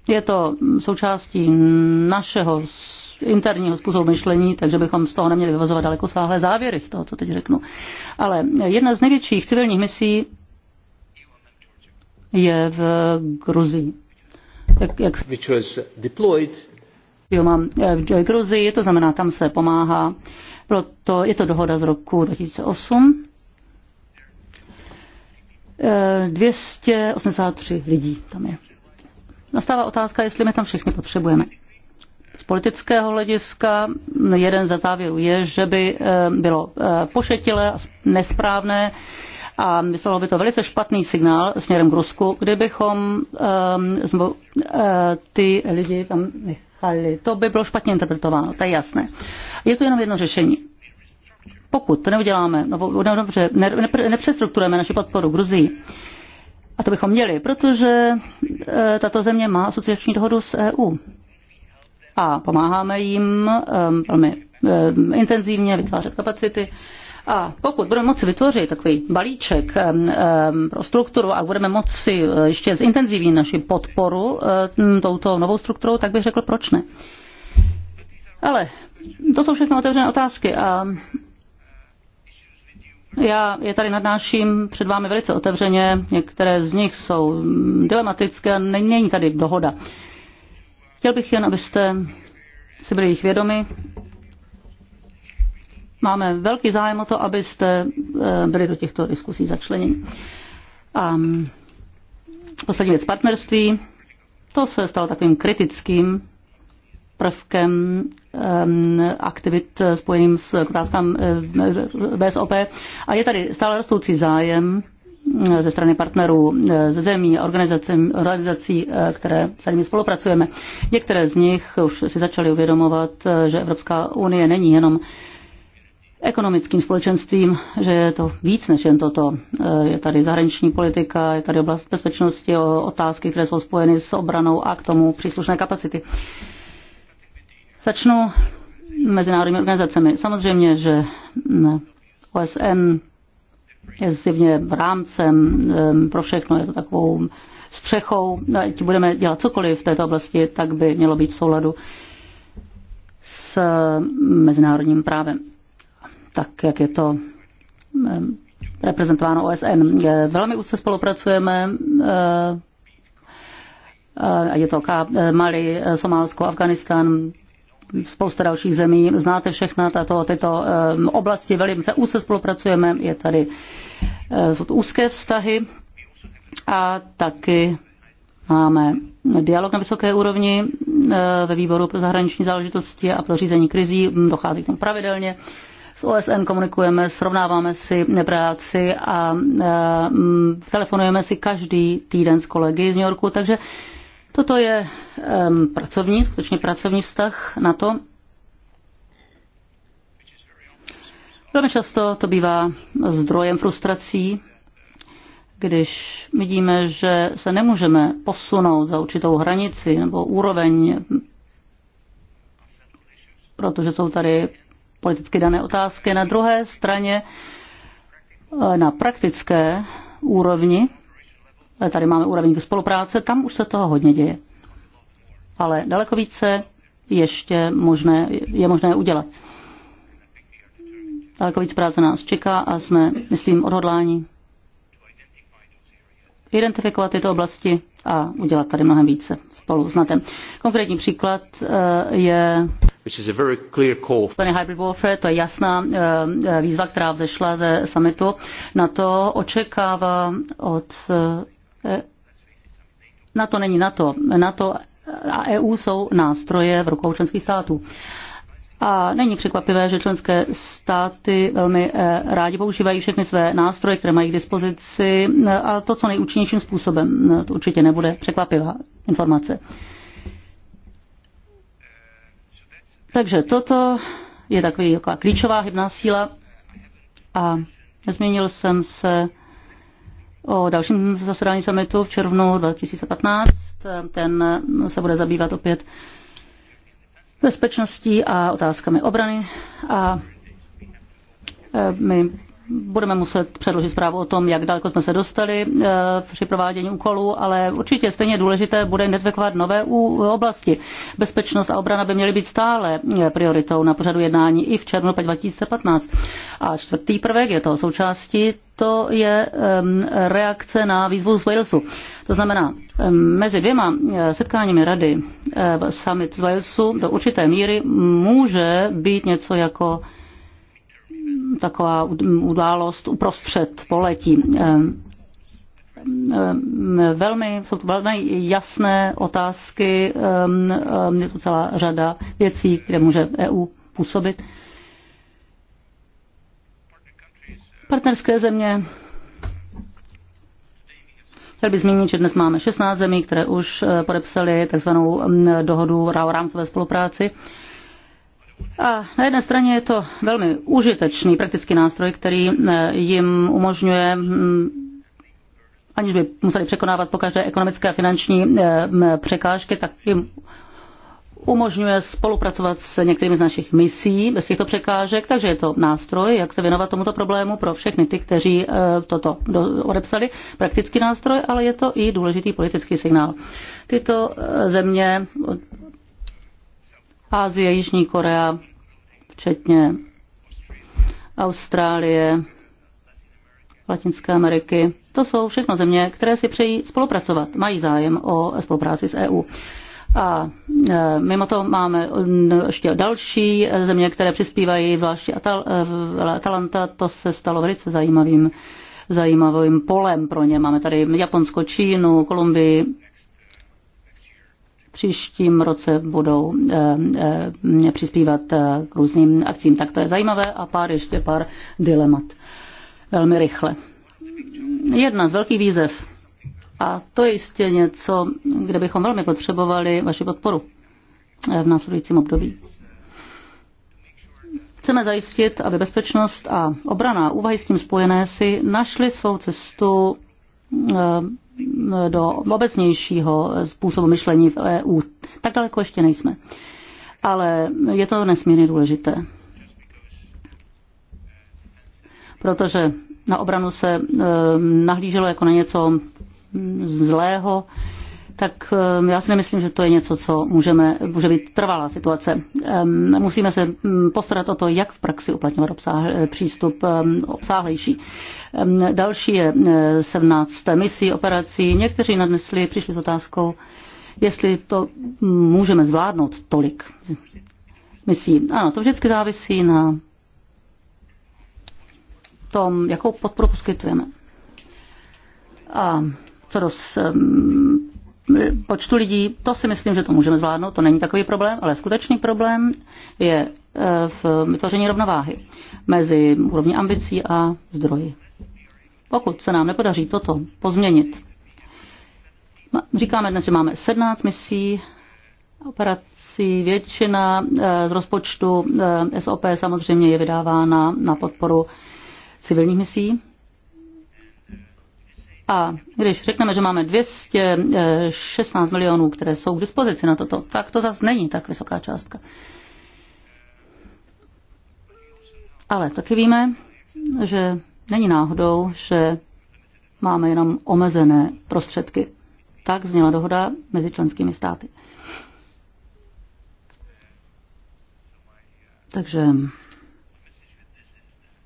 Je to součástí našeho interního způsobu myšlení, takže bychom z toho neměli vyvazovat daleko sáhlé závěry z toho, co teď řeknu. Ale jedna z největších civilních misí je v Gruzii. Jak, jak... Which was deployed Joma eh, v Gruzii, to znamená, tam se pomáhá. Proto je to dohoda z roku 2008. 283 eh, lidí tam je. Nastává otázka, jestli my tam všechny potřebujeme. Z politického hlediska jeden ze závěrů je, že by eh, bylo pošetilé a nesprávné a myslelo by to velice špatný signál směrem k Rusku, kdybychom um, ty lidi tam ale To by bylo špatně interpretováno, to je jasné. Je to jenom jedno řešení. Pokud to neuděláme, nebo no, no, dobře, ne, ne, nepřestrukturujeme naši podporu Gruzii, a to bychom měli, protože e, tato země má asociační dohodu s EU. A pomáháme jim e, velmi e, intenzivně vytvářet kapacity. E, a pokud budeme moci vytvořit takový balíček pro strukturu a budeme moci eh, ještě zintenzivní naši podporu eh, touto novou strukturou, tak bych řekl, proč ne. Ale to jsou všechno otevřené otázky a já je tady nadnáším před vámi velice otevřeně, některé z nich jsou dilematické a není tady dohoda. Chtěl bych jen, abyste si byli jich vědomi Máme velký zájem o to, abyste eh, byli do těchto diskusí začleněni. A mm, poslední věc partnerství. To se stalo takovým kritickým prvkem eh, aktivit spojeným s otázkám BSOP. Eh, a je tady stále rostoucí zájem ze strany partnerů ze zemí a organizací, které s nimi spolupracujeme. Některé z nich už si začaly uvědomovat, že Evropská unie není jenom ekonomickým společenstvím, že je to víc než jen toto. Eh, je tady zahraniční politika, je tady oblast bezpečnosti, otázky, které jsou spojeny s obranou a k tomu příslušné kapacity. Začnu mezinárodními organizacemi. Samozřejmě, že mm, OSN je zjevně rámcem mm, pro všechno, je to takovou střechou, ať budeme dělat cokoliv v této oblasti, tak by mělo být v souladu s mm, mezinárodním právem tak jak je to reprezentováno OSN. Velmi úzce spolupracujeme eh, eh, je to eh, Mali, Somálsko, Afganistán, spousta dalších zemí. Znáte všechna tato, tyto oblasti, velice úzce spolupracujeme, je tady, jsou to úzké vztahy a taky máme dialog na vysoké úrovni ve výboru pro zahraniční záležitosti a pro řízení krizí, dochází k tomu pravidelně. S OSN komunikujeme, srovnáváme si práci a e, telefonujeme si každý týden s kolegy z New Yorku, takže toto je e, pracovní, skutečně pracovní vztah na to. Velmi často to bývá zdrojem frustrací, když vidíme, že se nemůžeme posunout za určitou hranici nebo úroveň, protože jsou tady politicky dané otázky. Na druhé straně eh, na praktické úrovni, eh, tady máme úroveň spolupráce, tam už se toho hodně děje. Ale daleko více ještě možné, je možné udělat. Daleko víc práce nás čeká a jsme, myslím, odhodláni identifikovat tyto oblasti a udělat tady mnohem více spolu s Konkrétní příklad eh, je which is a very clear call. Hybrid warfare, to je jasná eh, eh, výzva, která vzešla ze summitu. Na to očekává od... Eh, na to není na Na to a EU jsou nástroje v rukou členských států. A není překvapivé, že členské státy velmi rádi používají všechny své nástroje, které mají k dispozici, a to co nejúčinnějším způsobem. To určitě nebude překvapivá informace. Takže toto je takový, taková klíčová hybná síla a nezměnil jsem se o dalším zasedání summitu v červnu 2015. Ten se bude zabývat opět bezpečností a otázkami obrany a e, my budeme muset předložit zprávu o tom, jak daleko jsme se dostali eh, při provádění úkolů, ale určitě stejně důležité bude identifikovat nové oblasti. Bezpečnost a obrana by měly být stále eh, prioritou na pořadu jednání i v červnu 2015. A čtvrtý prvek je toho součástí, to je reakce na výzvu z Walesu. To znamená, mezi dvěma eh, setkáními rady summit z Walesu do určité míry může být něco jako taková událost uprostřed poletí. Eh, eh, velmi, jsou to velmi jasné otázky, eh, je tu celá řada věcí, kde může EU působit. Partnerské země. Chtěl bych zmínit, že dnes máme 16 zemí, které už podepsaly takzvanou mm, dohodu o rámcové spolupráci. A na jedné straně je to velmi užitečný praktický nástroj, který eh, jim umožňuje mm, aniž by museli překonávat každé ekonomické a finanční eh, překážky, tak jim umožňuje spolupracovat s některými z našich misí bez těchto překážek, takže je to nástroj, jak se věnovat tomuto problému pro všechny ty, kteří eh, toto odepsali, praktický nástroj, ale je to i důležitý politický signál. Tyto země Ázie, Jižní Korea, včetně Austrálie, Latinské Ameriky. To jsou všechno země, které si přejí spolupracovat, mají zájem o spolupráci s EU. A e, mimo to máme e, ještě další země, které přispívají, zvláště Atal- e, Atalanta, to se stalo velice zajímavým zajímavým polem pro ně. Máme tady Japonsko, Čínu, Kolumbii, příštím roce budou eh, eh, přispívat eh, k různým akcím. Tak to je zajímavé a pár ještě pár dilemat. Velmi rychle. Jedna z velkých výzev, a to je jistě něco, kde bychom velmi potřebovali vaši podporu v následujícím období. Chceme zajistit, aby bezpečnost a obrana úvahy s tím spojené si našly svou cestu Eh, do obecnějšího způsobu myšlení v EU. Tak daleko ještě nejsme. Ale je to nesmírně důležité. Protože na obranu se eh, nahlíželo jako na něco zlého, tak ehm, já si nemyslím, že to je něco, co můžeme, může být trvalá situace. Ehm, musíme se mm, postarat o to, jak v praxi uplatňovat obsáhl, eh, přístup ehm, obsáhlejší. Další je 17 eh, misí, operací. Někteří nadnesli, přišli s otázkou, jestli to mm, můžeme zvládnout tolik misí. Ano, to vždycky závisí na tom, jakou podporu poskytujeme. A co do počtu lidí, to si myslím, že to můžeme zvládnout, to není takový problém, ale skutečný problém je e, v vytvoření rovnováhy mezi úrovní ambicí a zdroji. Pokud se nám nepodaří toto pozměnit, říkáme dnes, že máme 17 misí, operací. Většina e, z rozpočtu e, SOP samozřejmě je vydávána na podporu civilních misí, a když řekneme, že máme 216 milionů, které jsou k dispozici na toto, tak to zase není tak vysoká částka. Ale taky víme, že není náhodou, že máme jenom omezené prostředky. Tak zněla dohoda mezi členskými státy. Takže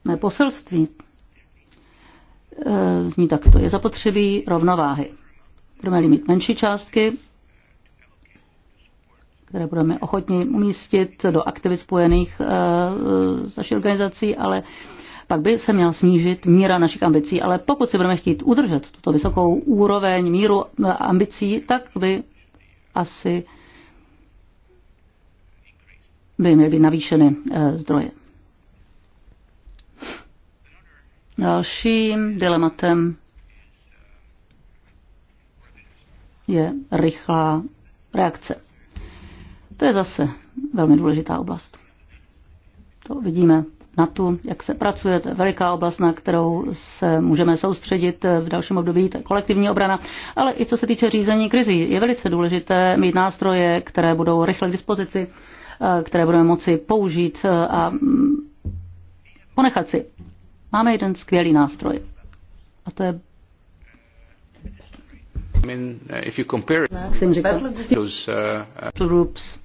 mé poselství Eh, zní takto. Je zapotřebí rovnováhy. budeme mít menší částky, které budeme ochotni umístit do aktivit spojených eh, s naší organizací, ale pak by se měla snížit míra našich ambicí. Ale pokud si budeme chtít udržet tuto vysokou úroveň míru eh, ambicí, tak by asi by měly být navýšeny zdroje. Dalším dilematem je rychlá reakce. To je zase velmi důležitá oblast. To vidíme na tu, jak se pracuje. To je veliká oblast, na kterou se můžeme soustředit v dalším období, to je kolektivní obrana. Ale i co se týče řízení krizí, je velice důležité mít nástroje, které budou rychle k dispozici, eh, které budeme moci použít eh, a mm, ponechat si Máme jeden skvělý nástroj. A to je I mean, if you compare those, uh, groups,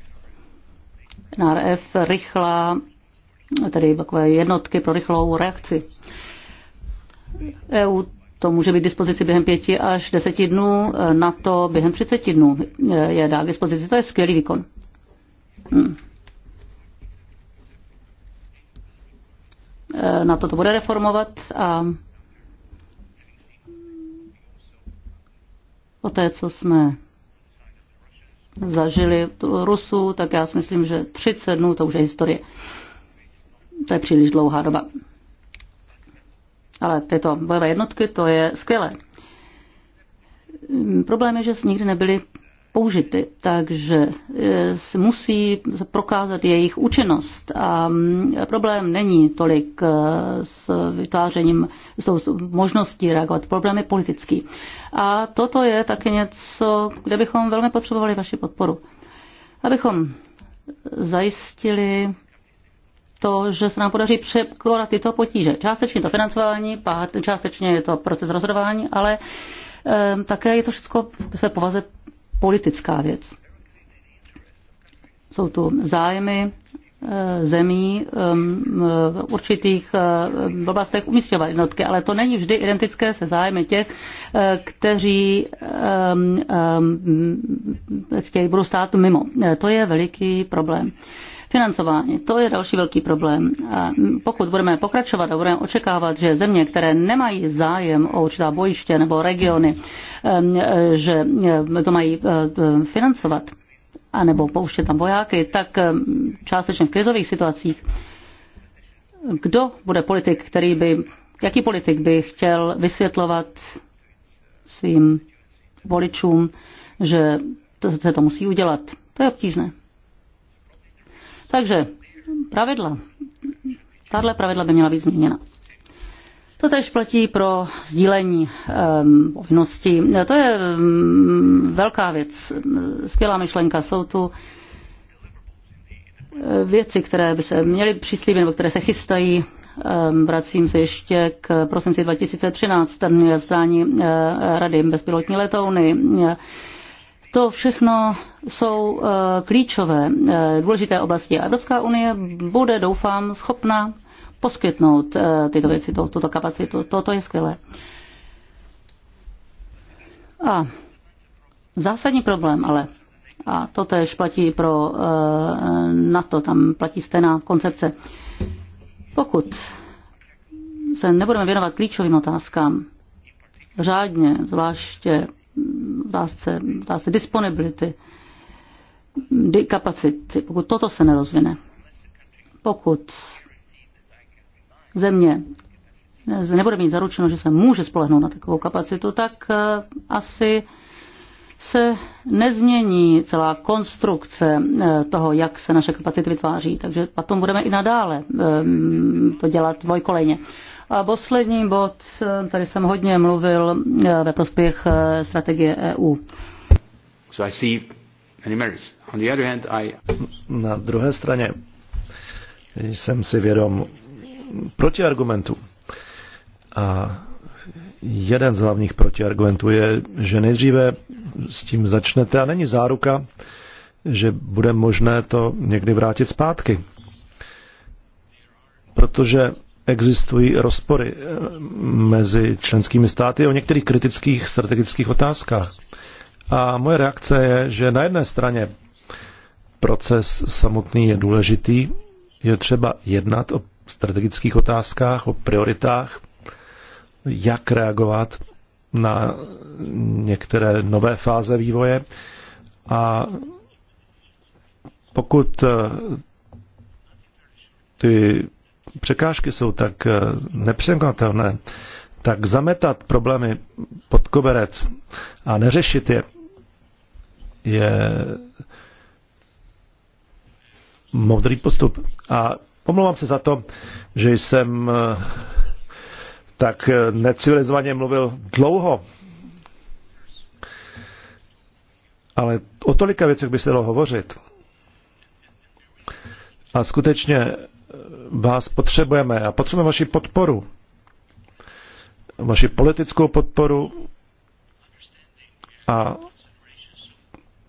NRF, rychlá, tedy takové jednotky pro rychlou reakci. EU to může být dispozici během pěti až deseti dnů, e, na to během třiceti dnů e, je dá k dispozici. To je skvělý výkon. Hmm. Eh, na to to bude reformovat a o té, co jsme zažili Rusů, tak já si myslím, že 30 dnů to už je historie. To je příliš dlouhá doba. Ale tyto bojové jednotky, to je skvělé. Problém je, že nikdy nebyly použity, takže e, se musí prokázat jejich účinnost. A mm, problém není tolik e, s vytvářením, s tou možností reagovat. Problém je politický. A toto je také něco, kde bychom velmi potřebovali vaši podporu. Abychom zajistili to, že se nám podaří překonat tyto potíže. Částečně to financování, částečně je to proces rozhodování, ale e, také je to všechno ve své povaze politická věc. Jsou tu zájmy eh, zemí eh, v určitých eh, oblastech umístěvat jednotky, ale to není vždy identické se zájmy těch, kteří chtějí budou stát mimo. To je veliký problém. Financování, to je další velký problém. A pokud budeme pokračovat a budeme očekávat, že země, které nemají zájem o určitá bojiště nebo regiony, e, že e, to mají e, financovat, anebo pouštět tam vojáky, tak částečně v krizových situacích, kdo bude politik, který by, jaký politik by chtěl vysvětlovat svým voličům, že to, se to musí udělat. To je obtížné. Takže pravidla. Tahle pravidla by měla být změněna. To tež platí pro sdílení um, povinností. To je um, velká věc, skvělá myšlenka. Jsou tu eh, věci, které by se měly přislíbit nebo které se chystají. Um, vracím se ještě k prosinci 2013, strání uh, Rady bezpilotní letouny. Uh, to všechno jsou eh, klíčové, eh, důležité oblasti. A Evropská unie bude, doufám, schopna poskytnout eh, tyto věci, tuto kapacitu. Toto je skvělé. A zásadní problém ale, a to tež platí pro NATO, tam platí stejná koncepce, pokud se nebudeme věnovat klíčovým otázkám, řádně, zvláště otázce, otázce disponibility, kapacity, pokud toto se nerozvine, pokud země nebude mít zaručeno, že se může spolehnout na takovou kapacitu, tak eh, asi se nezmění celá konstrukce eh, toho, jak se naše kapacity vytváří. Takže potom budeme i nadále eh, to dělat dvojkolejně. A poslední bod, tady jsem hodně mluvil eh, ve prospěch eh, strategie EU. So I see many On the other hand, I... Na druhé straně jsem si vědom protiargumentu. A jeden z hlavních protiargumentů je, že nejdříve s tím začnete a není záruka, že bude možné to někdy vrátit zpátky. Protože existují rozpory eh, mezi členskými státy o některých kritických strategických otázkách. A moje reakce je, že na jedné straně proces samotný je důležitý, je třeba jednat o strategických otázkách, o prioritách, jak reagovat na některé nové fáze vývoje. A pokud eh, ty překážky jsou tak eh, nepřekonatelné, tak zametat problémy pod koberec a neřešit je je moudrý postup. A omlouvám se za to, že jsem eh, tak eh, necivilizovaně mluvil dlouho. Ale o tolika věcech by se dalo hovořit. A skutečně eh, vás potřebujeme a potřebujeme vaši podporu, vaši politickou podporu a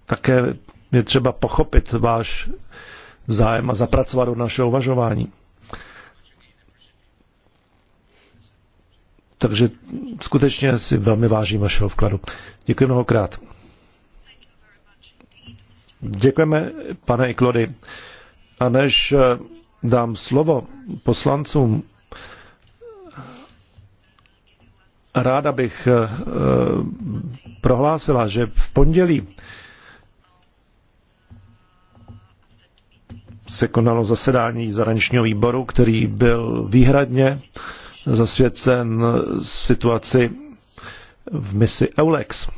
také je třeba pochopit váš zájem a zapracovat do našeho uvažování. Takže skutečně si velmi vážím vašeho vkladu. Děkuji mnohokrát. Děkujeme, pane Iklody. A než eh, dám slovo poslancům, ráda bych eh, eh, prohlásila, že v pondělí se konalo zasedání zahraničního výboru, který byl výhradně zasvěcen situaci v misi EULEX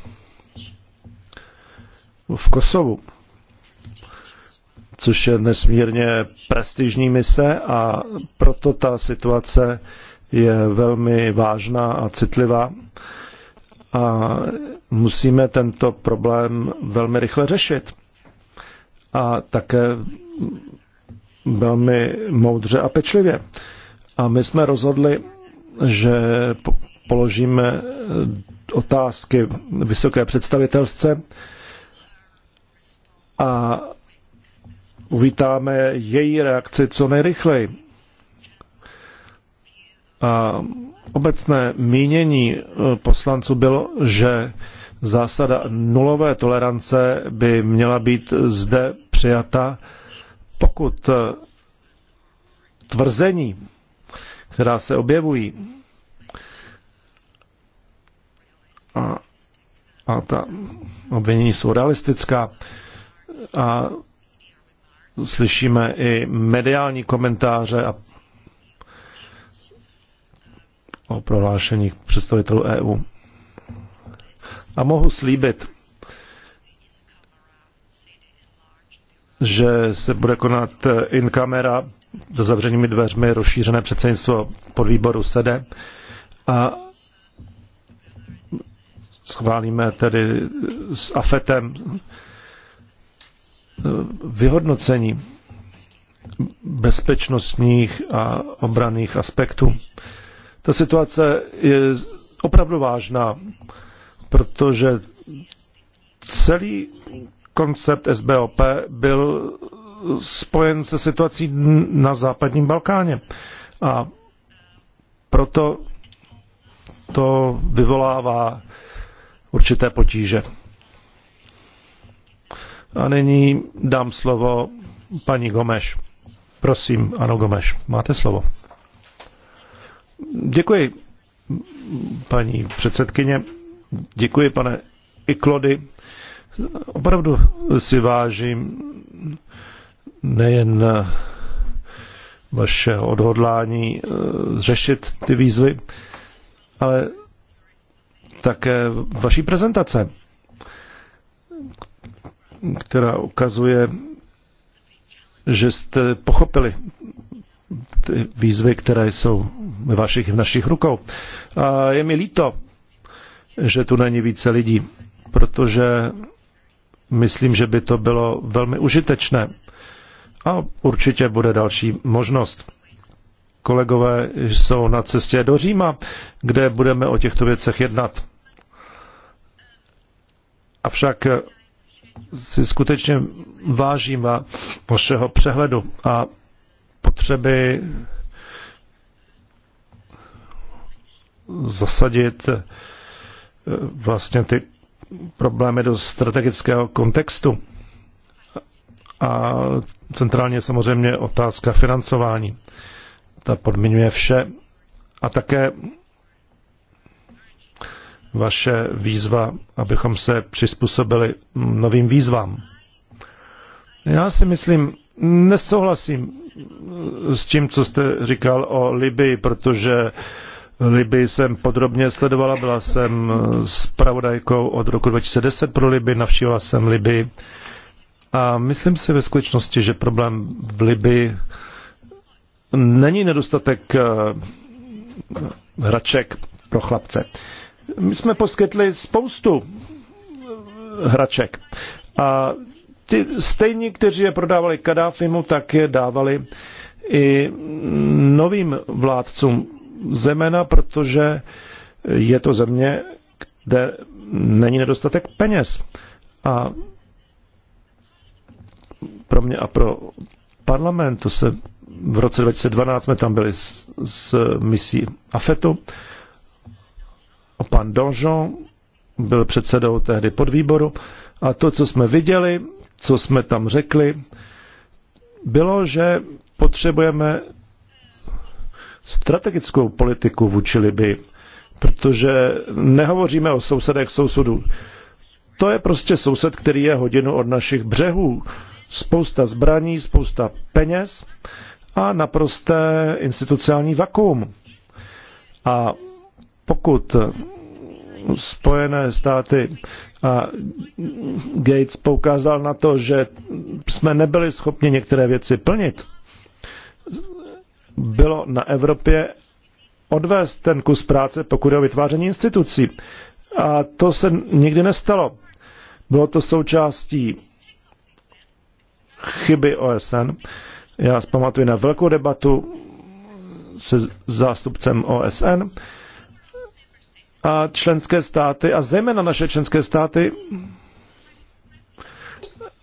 v Kosovu což je nesmírně prestižní mise a proto ta situace je velmi vážná a citlivá a musíme tento problém velmi rychle řešit. A také velmi moudře a pečlivě. A my jsme rozhodli, že položíme otázky vysoké představitelce a uvítáme její reakci co nejrychleji. A obecné mínění eh, poslanců bylo, že zásada nulové tolerance by měla být zde přijata, pokud eh, tvrzení, která se objevují, a, a ta obvinění jsou realistická, a slyšíme i mediální komentáře a o prohlášení představitelů EU. A mohu slíbit, že se bude konat in camera za zavřenými dveřmi rozšířené předsednictvo podvýboru SEDE a schválíme tedy s AFETem vyhodnocení bezpečnostních a obraných aspektů. Ta situace je opravdu vážná, protože celý koncept SBOP byl spojen se situací na západním Balkáně. A proto to vyvolává určité potíže. A nyní dám slovo paní Gomeš. Prosím, ano Gomeš, máte slovo. Děkuji, paní předsedkyně. Děkuji, pane Iklody. Opravdu si vážím nejen vaše odhodlání eh, řešit ty výzvy, ale také vaší prezentace, která ukazuje, že jste pochopili ty výzvy, které jsou ve vašich, v našich rukou. A je mi líto, že tu není více lidí, protože myslím, že by to bylo velmi užitečné. A určitě bude další možnost. Kolegové jsou na cestě do Říma, kde budeme o těchto věcech jednat. Avšak si skutečně vážím a vašeho přehledu a potřeby zasadit eh, vlastně ty problémy do strategického kontextu. A centrálně samozřejmě otázka financování. Ta podmiňuje vše. A také vaše výzva, abychom se přizpůsobili novým výzvám. Já si myslím, nesouhlasím s tím, co jste říkal o Libii, protože Libii jsem podrobně sledovala, byla jsem s pravodajkou od roku 2010 pro Libii, navštívila jsem Libii a myslím si ve skutečnosti, že problém v Libii není nedostatek eh, hraček pro chlapce. My jsme poskytli spoustu eh, hraček a ty stejní, kteří je prodávali Kadáfimu, tak je dávali i novým vládcům zemena, protože je to země, kde není nedostatek peněz. A pro mě a pro parlament, to se v roce 2012 jsme tam byli s, s misí AFETu, pan Donjon byl předsedou tehdy podvýboru a to, co jsme viděli, co jsme tam řekli, bylo, že potřebujeme strategickou politiku vůči Libii, protože nehovoříme o sousedech sousedů. To je prostě soused, který je hodinu od našich břehů. Spousta zbraní, spousta peněz a naprosté institucionální vakuum. A pokud Spojené státy a Gates poukázal na to, že jsme nebyli schopni některé věci plnit, bylo na Evropě odvést ten kus práce, pokud je o vytváření institucí. A to se nikdy nestalo. Bylo to součástí chyby OSN. Já pamatuju na velkou debatu se zástupcem OSN, a členské státy, a zejména naše členské státy,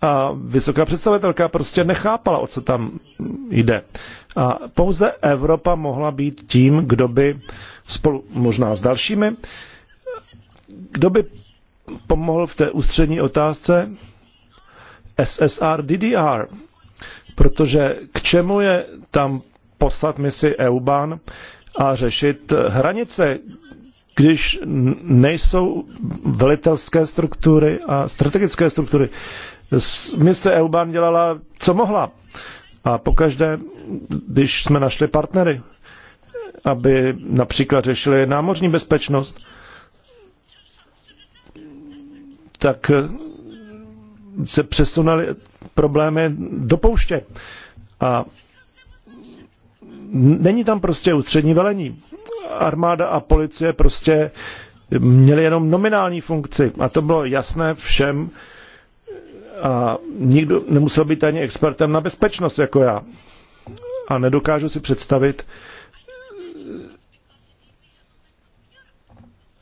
a vysoká představitelka prostě nechápala, o co tam jde. A pouze Evropa mohla být tím, kdo by spolu možná s dalšími, kdo by pomohl v té ústřední otázce SSR DDR. Protože k čemu je tam poslat misi EUBAN a řešit hranice, když nejsou velitelské struktury a strategické struktury. Mise EUBAN dělala, co mohla. A pokaždé, když jsme našli partnery, aby například řešili námořní bezpečnost, tak se přesunaly problémy do pouště. A Není tam prostě ústřední velení. Armáda a policie prostě měli jenom nominální funkci a to bylo jasné všem a nikdo nemusel být ani expertem na bezpečnost jako já. A nedokážu si představit,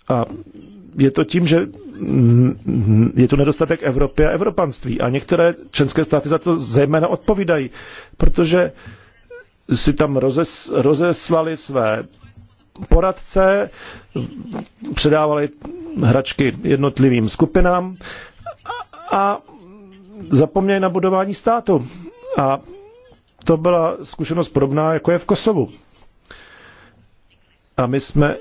a je to tím, že je tu nedostatek Evropy a evropanství. A některé členské státy za to zejména odpovídají, protože si tam rozes, rozeslali své poradce, předávali hračky jednotlivým skupinám a zapomněli na budování státu. A to byla zkušenost podobná, jako je v Kosovu. A my jsme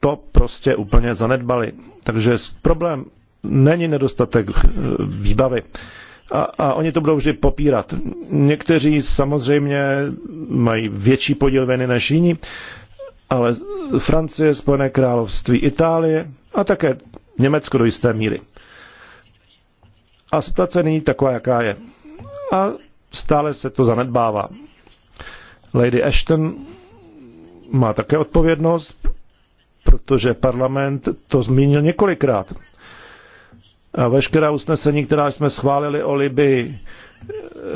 to prostě úplně zanedbali. Takže problém není nedostatek eh, výbavy a, a oni to budou vždy popírat. Někteří samozřejmě mají větší podíl viny než jiní, ale Francie, Spojené království, Itálie a také Německo do jisté míry. A situace není taková, jaká je. A stále se to zanedbává. Lady Ashton má také odpovědnost, protože parlament to zmínil několikrát a veškerá usnesení, která jsme schválili o Libii,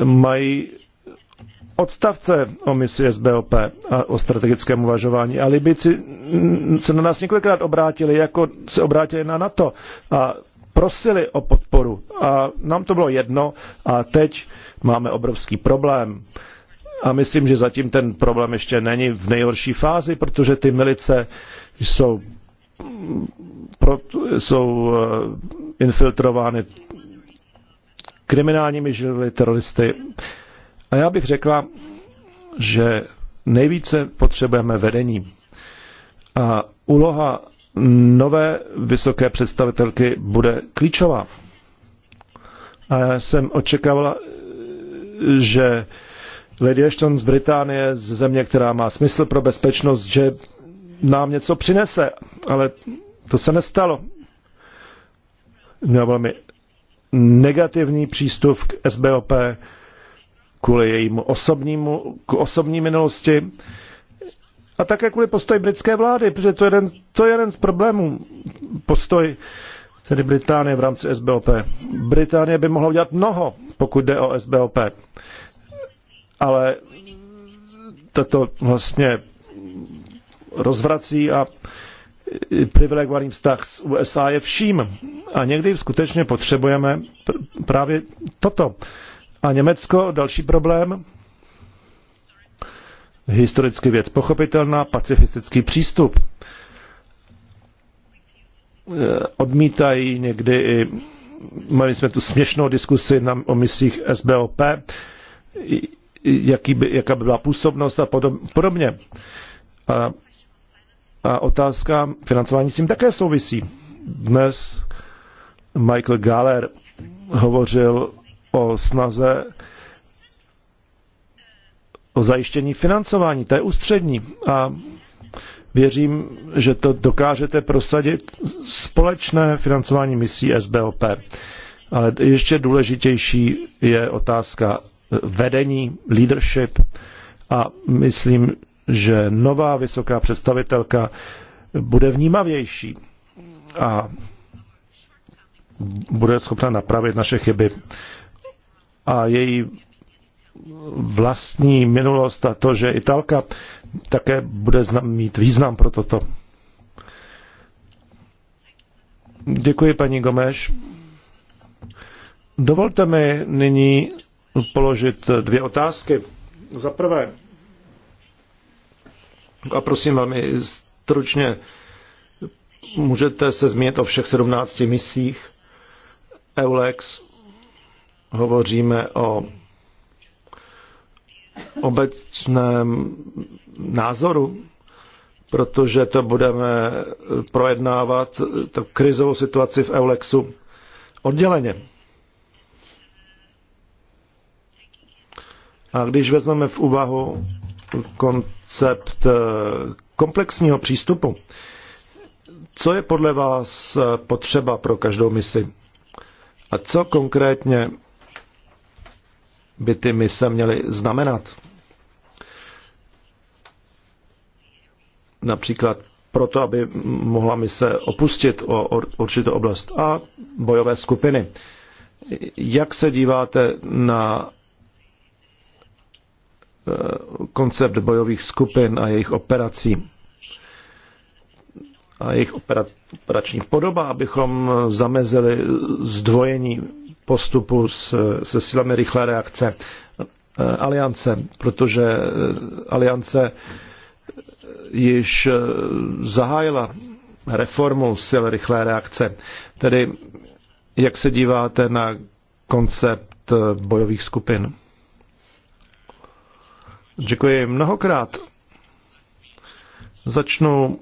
mají odstavce o misi SBOP a o strategickém uvažování. A Libici se na nás několikrát obrátili, jako se obrátili na NATO a prosili o podporu. A nám to bylo jedno a teď máme obrovský problém. A myslím, že zatím ten problém ještě není v nejhorší fázi, protože ty milice jsou pro, jsou eh, infiltrovány kriminálními živly teroristy. A já bych řekla, že nejvíce potřebujeme vedení. A úloha nové vysoké představitelky bude klíčová. A já jsem očekávala, že Lady Ashton z Británie, z země, která má smysl pro bezpečnost, že nám něco přinese, ale to se nestalo. Měl velmi negativní přístup k SBOP kvůli jejímu osobnímu, k osobní minulosti a také kvůli postoji britské vlády, protože to je jeden, to je jeden z problémů, postoj tedy Británie v rámci SBOP. Británie by mohla udělat mnoho, pokud jde o SBOP, ale tato vlastně rozvrací a privilegovaný vztah s USA je vším. A někdy skutečně potřebujeme pr- právě toto. A Německo, další problém, historicky věc pochopitelná, pacifistický přístup. E, odmítají někdy i, měli jsme tu směšnou diskusi na, o misích SBOP, jaký by, jaká by byla působnost a podobně. A a otázka financování s tím také souvisí. Dnes Michael Galler hovořil o snaze o zajištění financování, to je ústřední. A věřím, že to dokážete prosadit společné financování misí SBOP. Ale ještě důležitější je otázka vedení, leadership. A myslím, že nová vysoká představitelka bude vnímavější a bude schopna napravit naše chyby. A její vlastní minulost a to, že Italka také bude mít význam pro toto. Děkuji, paní Gomeš. Dovolte mi nyní položit dvě otázky. Za prvé, a prosím velmi stručně, můžete se zmínit o všech 17 misích EULEX. Hovoříme o obecném názoru, protože to budeme projednávat, tu krizovou situaci v EULEXu, odděleně. A když vezmeme v úvahu koncept eh, komplexního přístupu. Co je podle vás eh, potřeba pro každou misi? A co konkrétně by ty mise měly znamenat? Například proto, aby mohla mise opustit o určitou oblast a bojové skupiny. Jak se díváte na Eh, koncept bojových skupin a jejich operací a jejich operačních podoba, abychom zamezili zdvojení postupu se silami rychlé reakce eh, aliance, protože eh, aliance již zahájila reformu sil rychlé reakce. Tedy jak se díváte na koncept bojových skupin? Děkuji mnohokrát. Začnu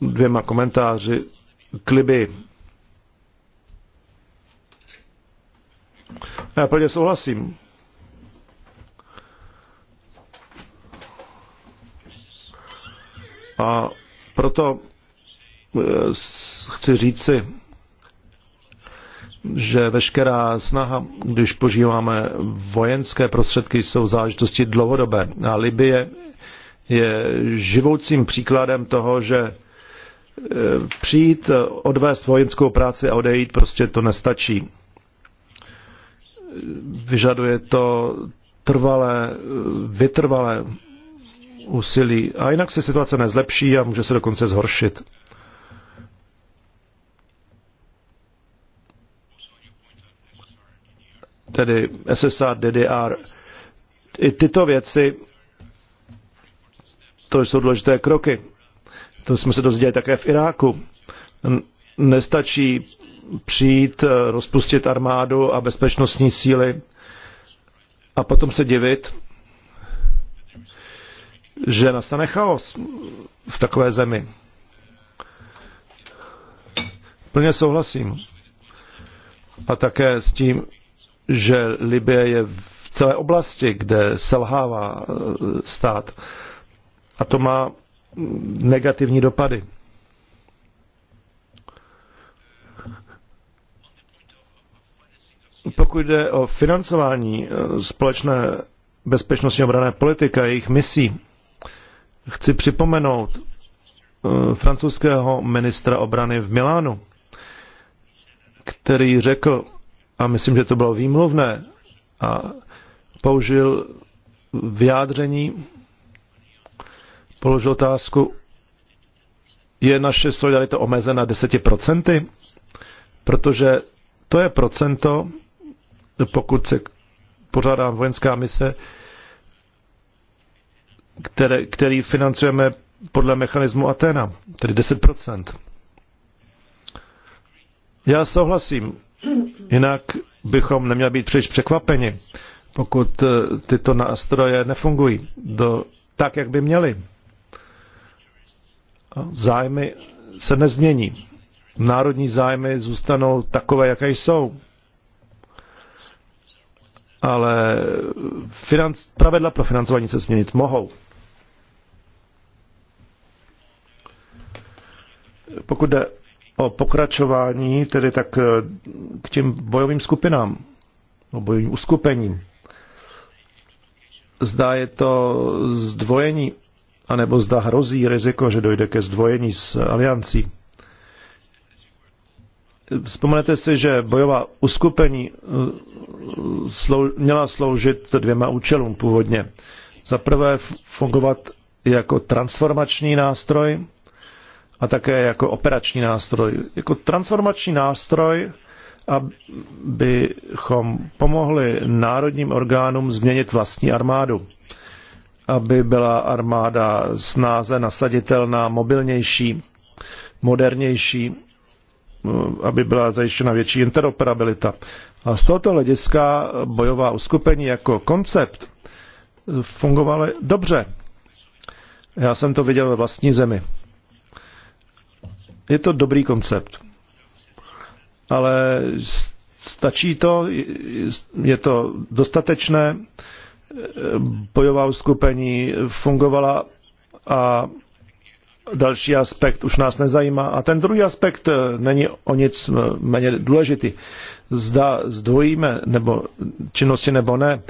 dvěma komentáři k Libii. Já plně souhlasím. A proto eh, chci říci, že veškerá snaha, když požíváme vojenské prostředky, jsou záležitosti dlouhodobé. A Libie je živoucím příkladem toho, že e, přijít, e, odvést vojenskou práci a odejít, prostě to nestačí. E, vyžaduje to trvalé, vytrvalé úsilí. A jinak se situace nezlepší a může se dokonce zhoršit. tedy SSR, DDR. I tyto věci, to jsou důležité kroky. To jsme se dozvěděli také v Iráku. Nestačí přijít, eh, rozpustit armádu a bezpečnostní síly a potom se divit, že nastane chaos v takové zemi. Plně souhlasím. A také s tím, že Libie je v celé oblasti, kde selhává e, stát. A to má negativní dopady. Pokud jde o financování e, společné bezpečnostní obrané politiky a jejich misí, chci připomenout e, francouzského ministra obrany v Milánu, který řekl, a myslím, že to bylo výmluvné, a použil vyjádření, položil otázku, je naše solidarita omezena 10%? Protože to je procento, pokud se pořádá vojenská mise, které, který financujeme podle mechanismu Atena, tedy 10%. Já souhlasím Jinak bychom neměli být příliš překvapeni, pokud eh, tyto nástroje nefungují do, tak, jak by měly. Zájmy se nezmění. Národní zájmy zůstanou takové, jaké jsou. Ale financ, pravidla pro financování se změnit mohou. Pokud jde o pokračování, tedy tak eh, k těm bojovým skupinám, o bojovým uskupením. Zdá je to zdvojení, anebo zda hrozí riziko, že dojde ke zdvojení s aliancí. Vzpomenete si, že bojová uskupení eh, slou, měla sloužit dvěma účelům původně. Za prvé fungovat jako transformační nástroj a také jako operační nástroj, jako transformační nástroj, abychom pomohli národním orgánům změnit vlastní armádu. Aby byla armáda snáze nasaditelná, mobilnější, modernější, aby byla zajištěna větší interoperabilita. A z tohoto hlediska bojová uskupení jako koncept fungovaly dobře. Já jsem to viděl ve vlastní zemi. Je to dobrý koncept. Ale stačí to, je to dostatečné, bojová uskupení fungovala a další aspekt už nás nezajímá. A ten druhý aspekt není o nic méně důležitý. Zda zdvojíme nebo činnosti nebo ne,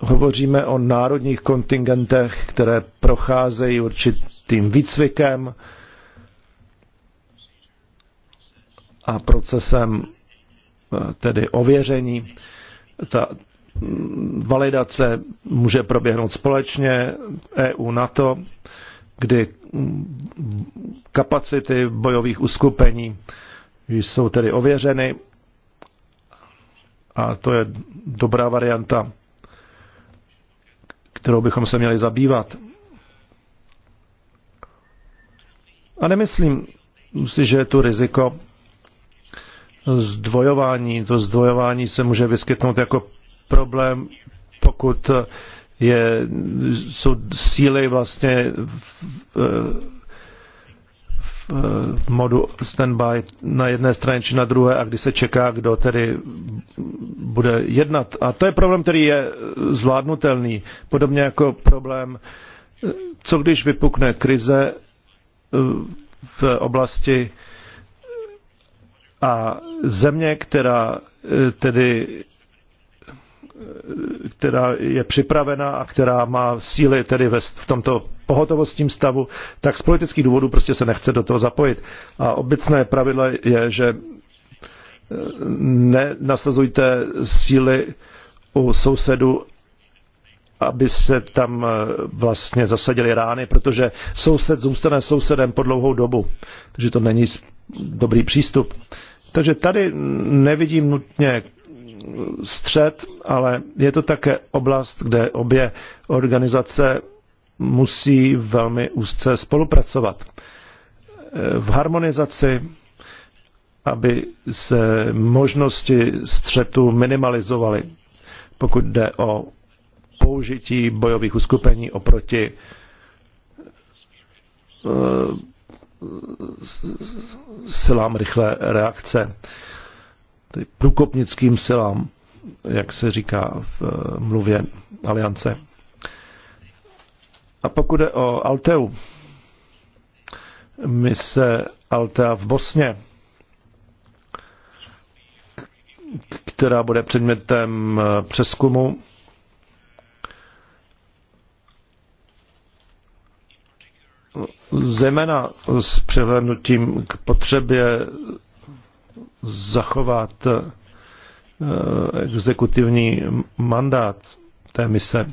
hovoříme o národních kontingentech, které procházejí určitým výcvikem a procesem eh, tedy ověření. Ta validace může proběhnout společně EU NATO, kdy kapacity bojových uskupení jsou tedy ověřeny a to je dobrá varianta kterou bychom se měli zabývat. A nemyslím si, že je tu riziko zdvojování. To zdvojování se může vyskytnout jako problém, pokud je, jsou síly vlastně v, v, v eh, modu standby na jedné straně či na druhé a kdy se čeká, kdo tedy bude jednat. A to je problém, který je zvládnutelný. Podobně jako problém, eh, co když vypukne krize eh, v oblasti a země, která tedy Eh, která je připravena a která má síly tedy v tomto pohotovostním stavu, tak z politických důvodů prostě se nechce do toho zapojit. A obecné pravidlo je, že eh, nenasazujte síly u sousedu, aby se tam eh, vlastně zasadily rány, protože soused zůstane sousedem po dlouhou dobu. Takže to není dobrý přístup. Takže tady nevidím nutně střed, ale je to také oblast, kde obě organizace musí velmi úzce spolupracovat. V harmonizaci, aby se možnosti střetu minimalizovaly, pokud jde o použití bojových uskupení oproti eh, silám rychlé reakce průkopnickým silám, jak se říká v eh, mluvě aliance. A pokud je o Alteu, mise Altea v Bosně, která bude předmětem eh, přeskumu. Zejména s přihlednutím k potřebě zachovat eh, exekutivní mandát té mise.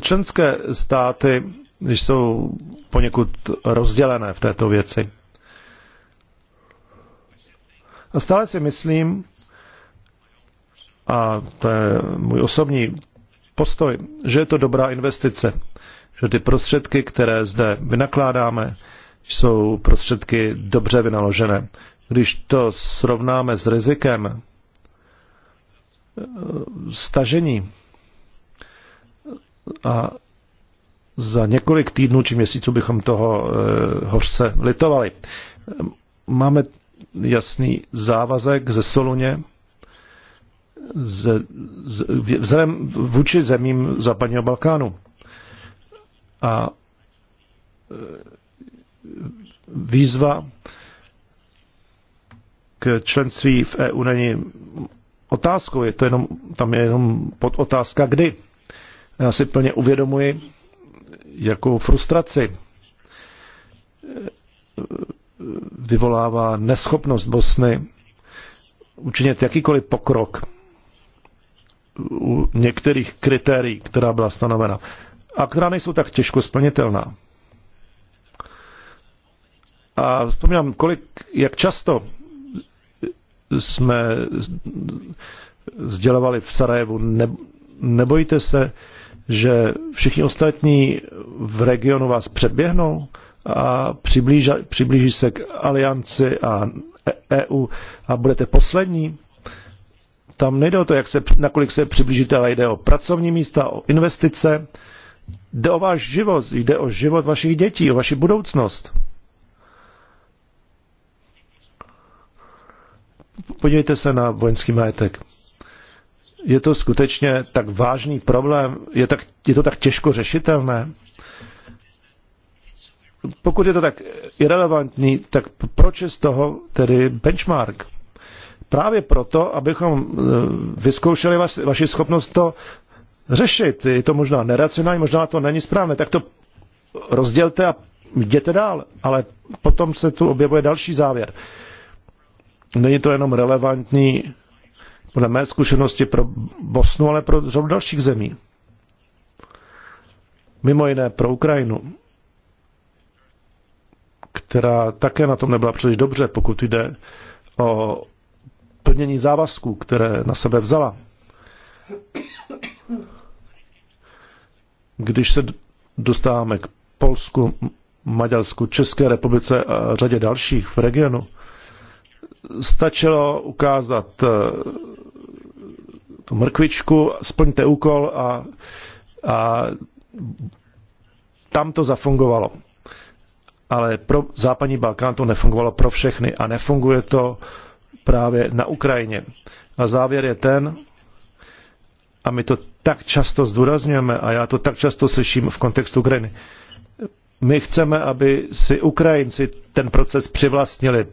Členské státy jsou poněkud rozdělené v této věci. A stále si myslím, a to je můj osobní postoj, že je to dobrá investice, že ty prostředky, které zde vynakládáme, jsou prostředky dobře vynaložené. Když to srovnáme s rizikem eh, stažení eh, a za několik týdnů či měsíců bychom toho eh, hořce litovali. Máme jasný závazek ze Soluně z, z, vzhledem vůči zemím západního Balkánu. A e, výzva k členství v EU není otázkou, je to jenom, tam je jenom pod otázka kdy. Já si plně uvědomuji, jakou frustraci e, vyvolává neschopnost Bosny učinit jakýkoliv pokrok u některých kritérií, která byla stanovena a která nejsou tak těžko splnitelná. A vzpomínám, kolik, jak často jsme sdělovali v Sarajevu, ne, nebojte se, že všichni ostatní v regionu vás předběhnou a přiblíží, přiblíží se k alianci a EU e a budete poslední. Tam nejde o to, jak se, nakolik se přiblížíte, ale jde o pracovní místa, o investice, jde o váš život, jde o život vašich dětí, o vaši budoucnost. Podívejte se na vojenský majetek. Je to skutečně tak vážný problém? Je, tak, je to tak těžko řešitelné? Pokud je to tak irrelevantní, tak proč je z toho tedy benchmark? právě proto, abychom e, vyzkoušeli vaš, vaši schopnost to řešit. Je to možná neracionální, možná to není správné, tak to rozdělte a jděte dál. Ale potom se tu objevuje další závěr. Není to jenom relevantní podle mé zkušenosti pro Bosnu, ale pro řadu dalších zemí. Mimo jiné pro Ukrajinu, která také na tom nebyla příliš dobře, pokud jde o plnění závazků, které na sebe vzala. Když se dostáváme k Polsku, Maďarsku, České republice a řadě dalších v regionu, stačilo ukázat eh, tu mrkvičku, splňte úkol a, a tam to zafungovalo. Ale pro západní Balkán to nefungovalo pro všechny a nefunguje to právě na Ukrajině. A závěr je ten, a my to tak často zdůrazňujeme, a já to tak často slyším v kontextu Ukrajiny, my chceme, aby si Ukrajinci ten proces přivlastnili,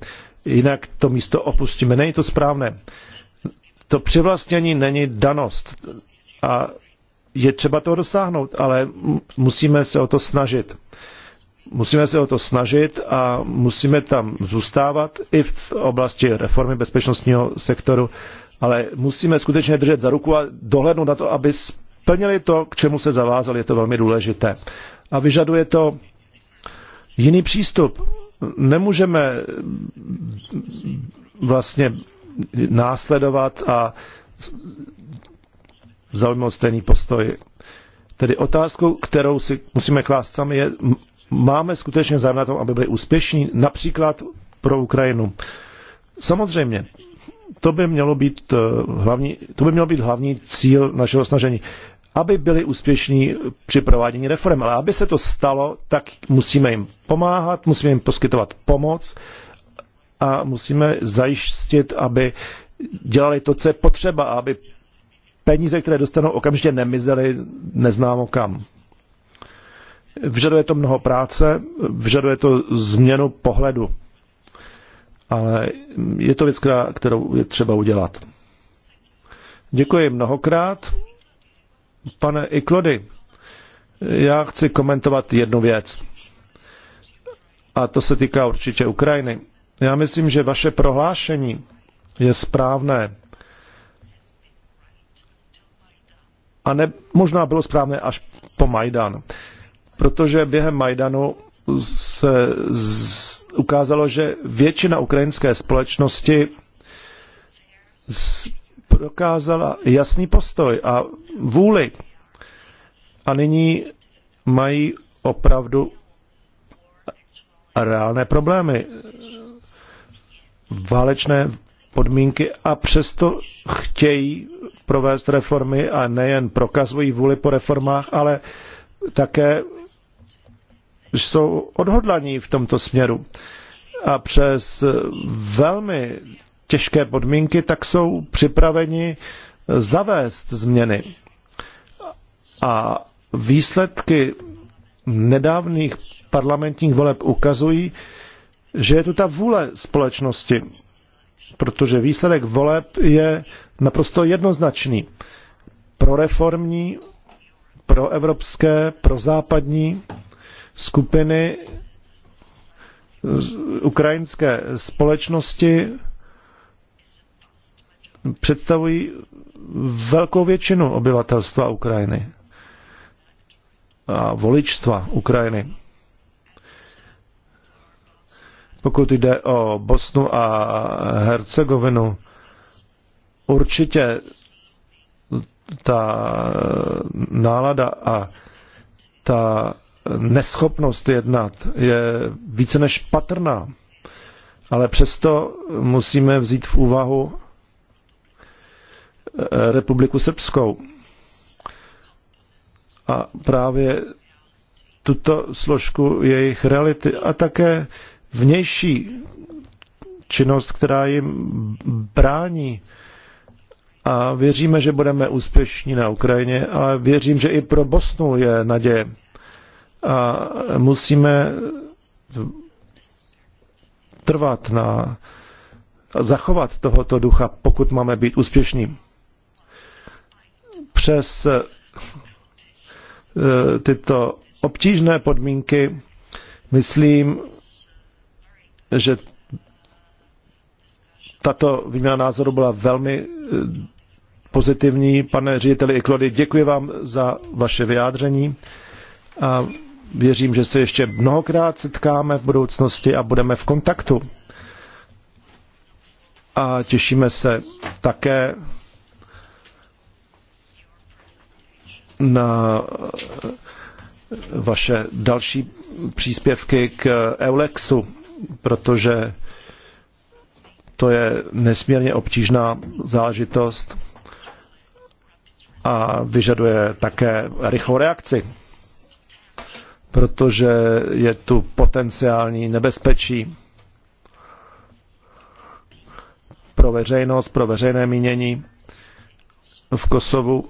jinak to místo opustíme. Není to správné. To přivlastnění není danost a je třeba toho dosáhnout, ale musíme se o to snažit. Musíme se o to snažit a musíme tam zůstávat i v oblasti reformy bezpečnostního sektoru, ale musíme skutečně držet za ruku a dohlednout na to, aby splnili to, k čemu se zavázali. Je to velmi důležité. A vyžaduje to jiný přístup. Nemůžeme vlastně následovat a zaujmout stejný postoj Tedy otázkou, kterou si musíme klást sami, je, máme skutečně zájem na tom, aby byli úspěšní, například pro Ukrajinu. Samozřejmě, to by mělo být eh, hlavní, to by mělo být hlavní cíl našeho snažení. Aby byli úspěšní při provádění reform, ale aby se to stalo, tak musíme jim pomáhat, musíme jim poskytovat pomoc a musíme zajistit, aby dělali to, co je potřeba, aby peníze, které dostanou, okamžitě nemizely neznámo kam. Vžaduje to mnoho práce, vžaduje to změnu pohledu. Ale je to věc, kterou je třeba udělat. Děkuji mnohokrát. Pane Iklody, já chci komentovat jednu věc. A to se týká určitě Ukrajiny. Já myslím, že vaše prohlášení je správné. A ne, možná bylo správné až po Majdan. Protože během Majdanu se z, ukázalo, že většina ukrajinské společnosti z, prokázala jasný postoj a vůli. A nyní mají opravdu reálné problémy. Válečné podmínky a přesto chtějí provést reformy a nejen prokazují vůli po reformách, ale také jsou odhodlaní v tomto směru. A přes velmi těžké podmínky, tak jsou připraveni zavést změny. A výsledky nedávných parlamentních voleb ukazují, že je tu ta vůle společnosti protože výsledek voleb je naprosto jednoznačný. Pro reformní, pro evropské, pro západní skupiny ukrajinské společnosti představují velkou většinu obyvatelstva Ukrajiny a voličstva Ukrajiny. Pokud jde o Bosnu a Hercegovinu, určitě ta nálada a ta neschopnost jednat je více než patrná. Ale přesto musíme vzít v úvahu eh, Republiku Srbskou. A právě tuto složku jejich reality a také vnější činnost, která jim brání. A věříme, že budeme úspěšní na Ukrajině, ale věřím, že i pro Bosnu je naděje. A musíme trvat na zachovat tohoto ducha, pokud máme být úspěšní. Přes eh, tyto obtížné podmínky, myslím, že tato výměna názoru byla velmi eh, pozitivní. Pane řediteli Iklody, děkuji vám za vaše vyjádření a věřím, že se ještě mnohokrát setkáme v budoucnosti a budeme v kontaktu. A těšíme se také na eh, vaše další příspěvky k Eulexu protože to je nesmírně obtížná záležitost a vyžaduje také rychlou reakci, protože je tu potenciální nebezpečí pro veřejnost, pro veřejné mínění v Kosovu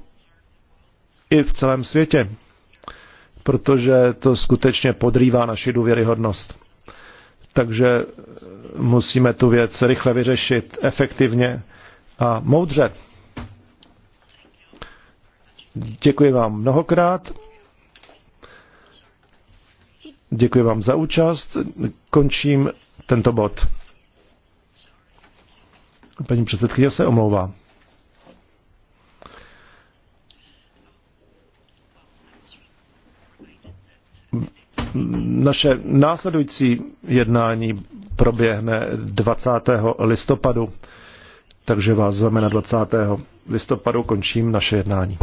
i v celém světě, protože to skutečně podrývá naši důvěryhodnost. Takže musíme tu věc rychle vyřešit, efektivně a moudře. Děkuji vám mnohokrát. Děkuji vám za účast. Končím tento bod. Paní předsedkyně se omlouvá. Naše následující jednání proběhne 20. listopadu, takže vás zveme na 20. listopadu, končím naše jednání.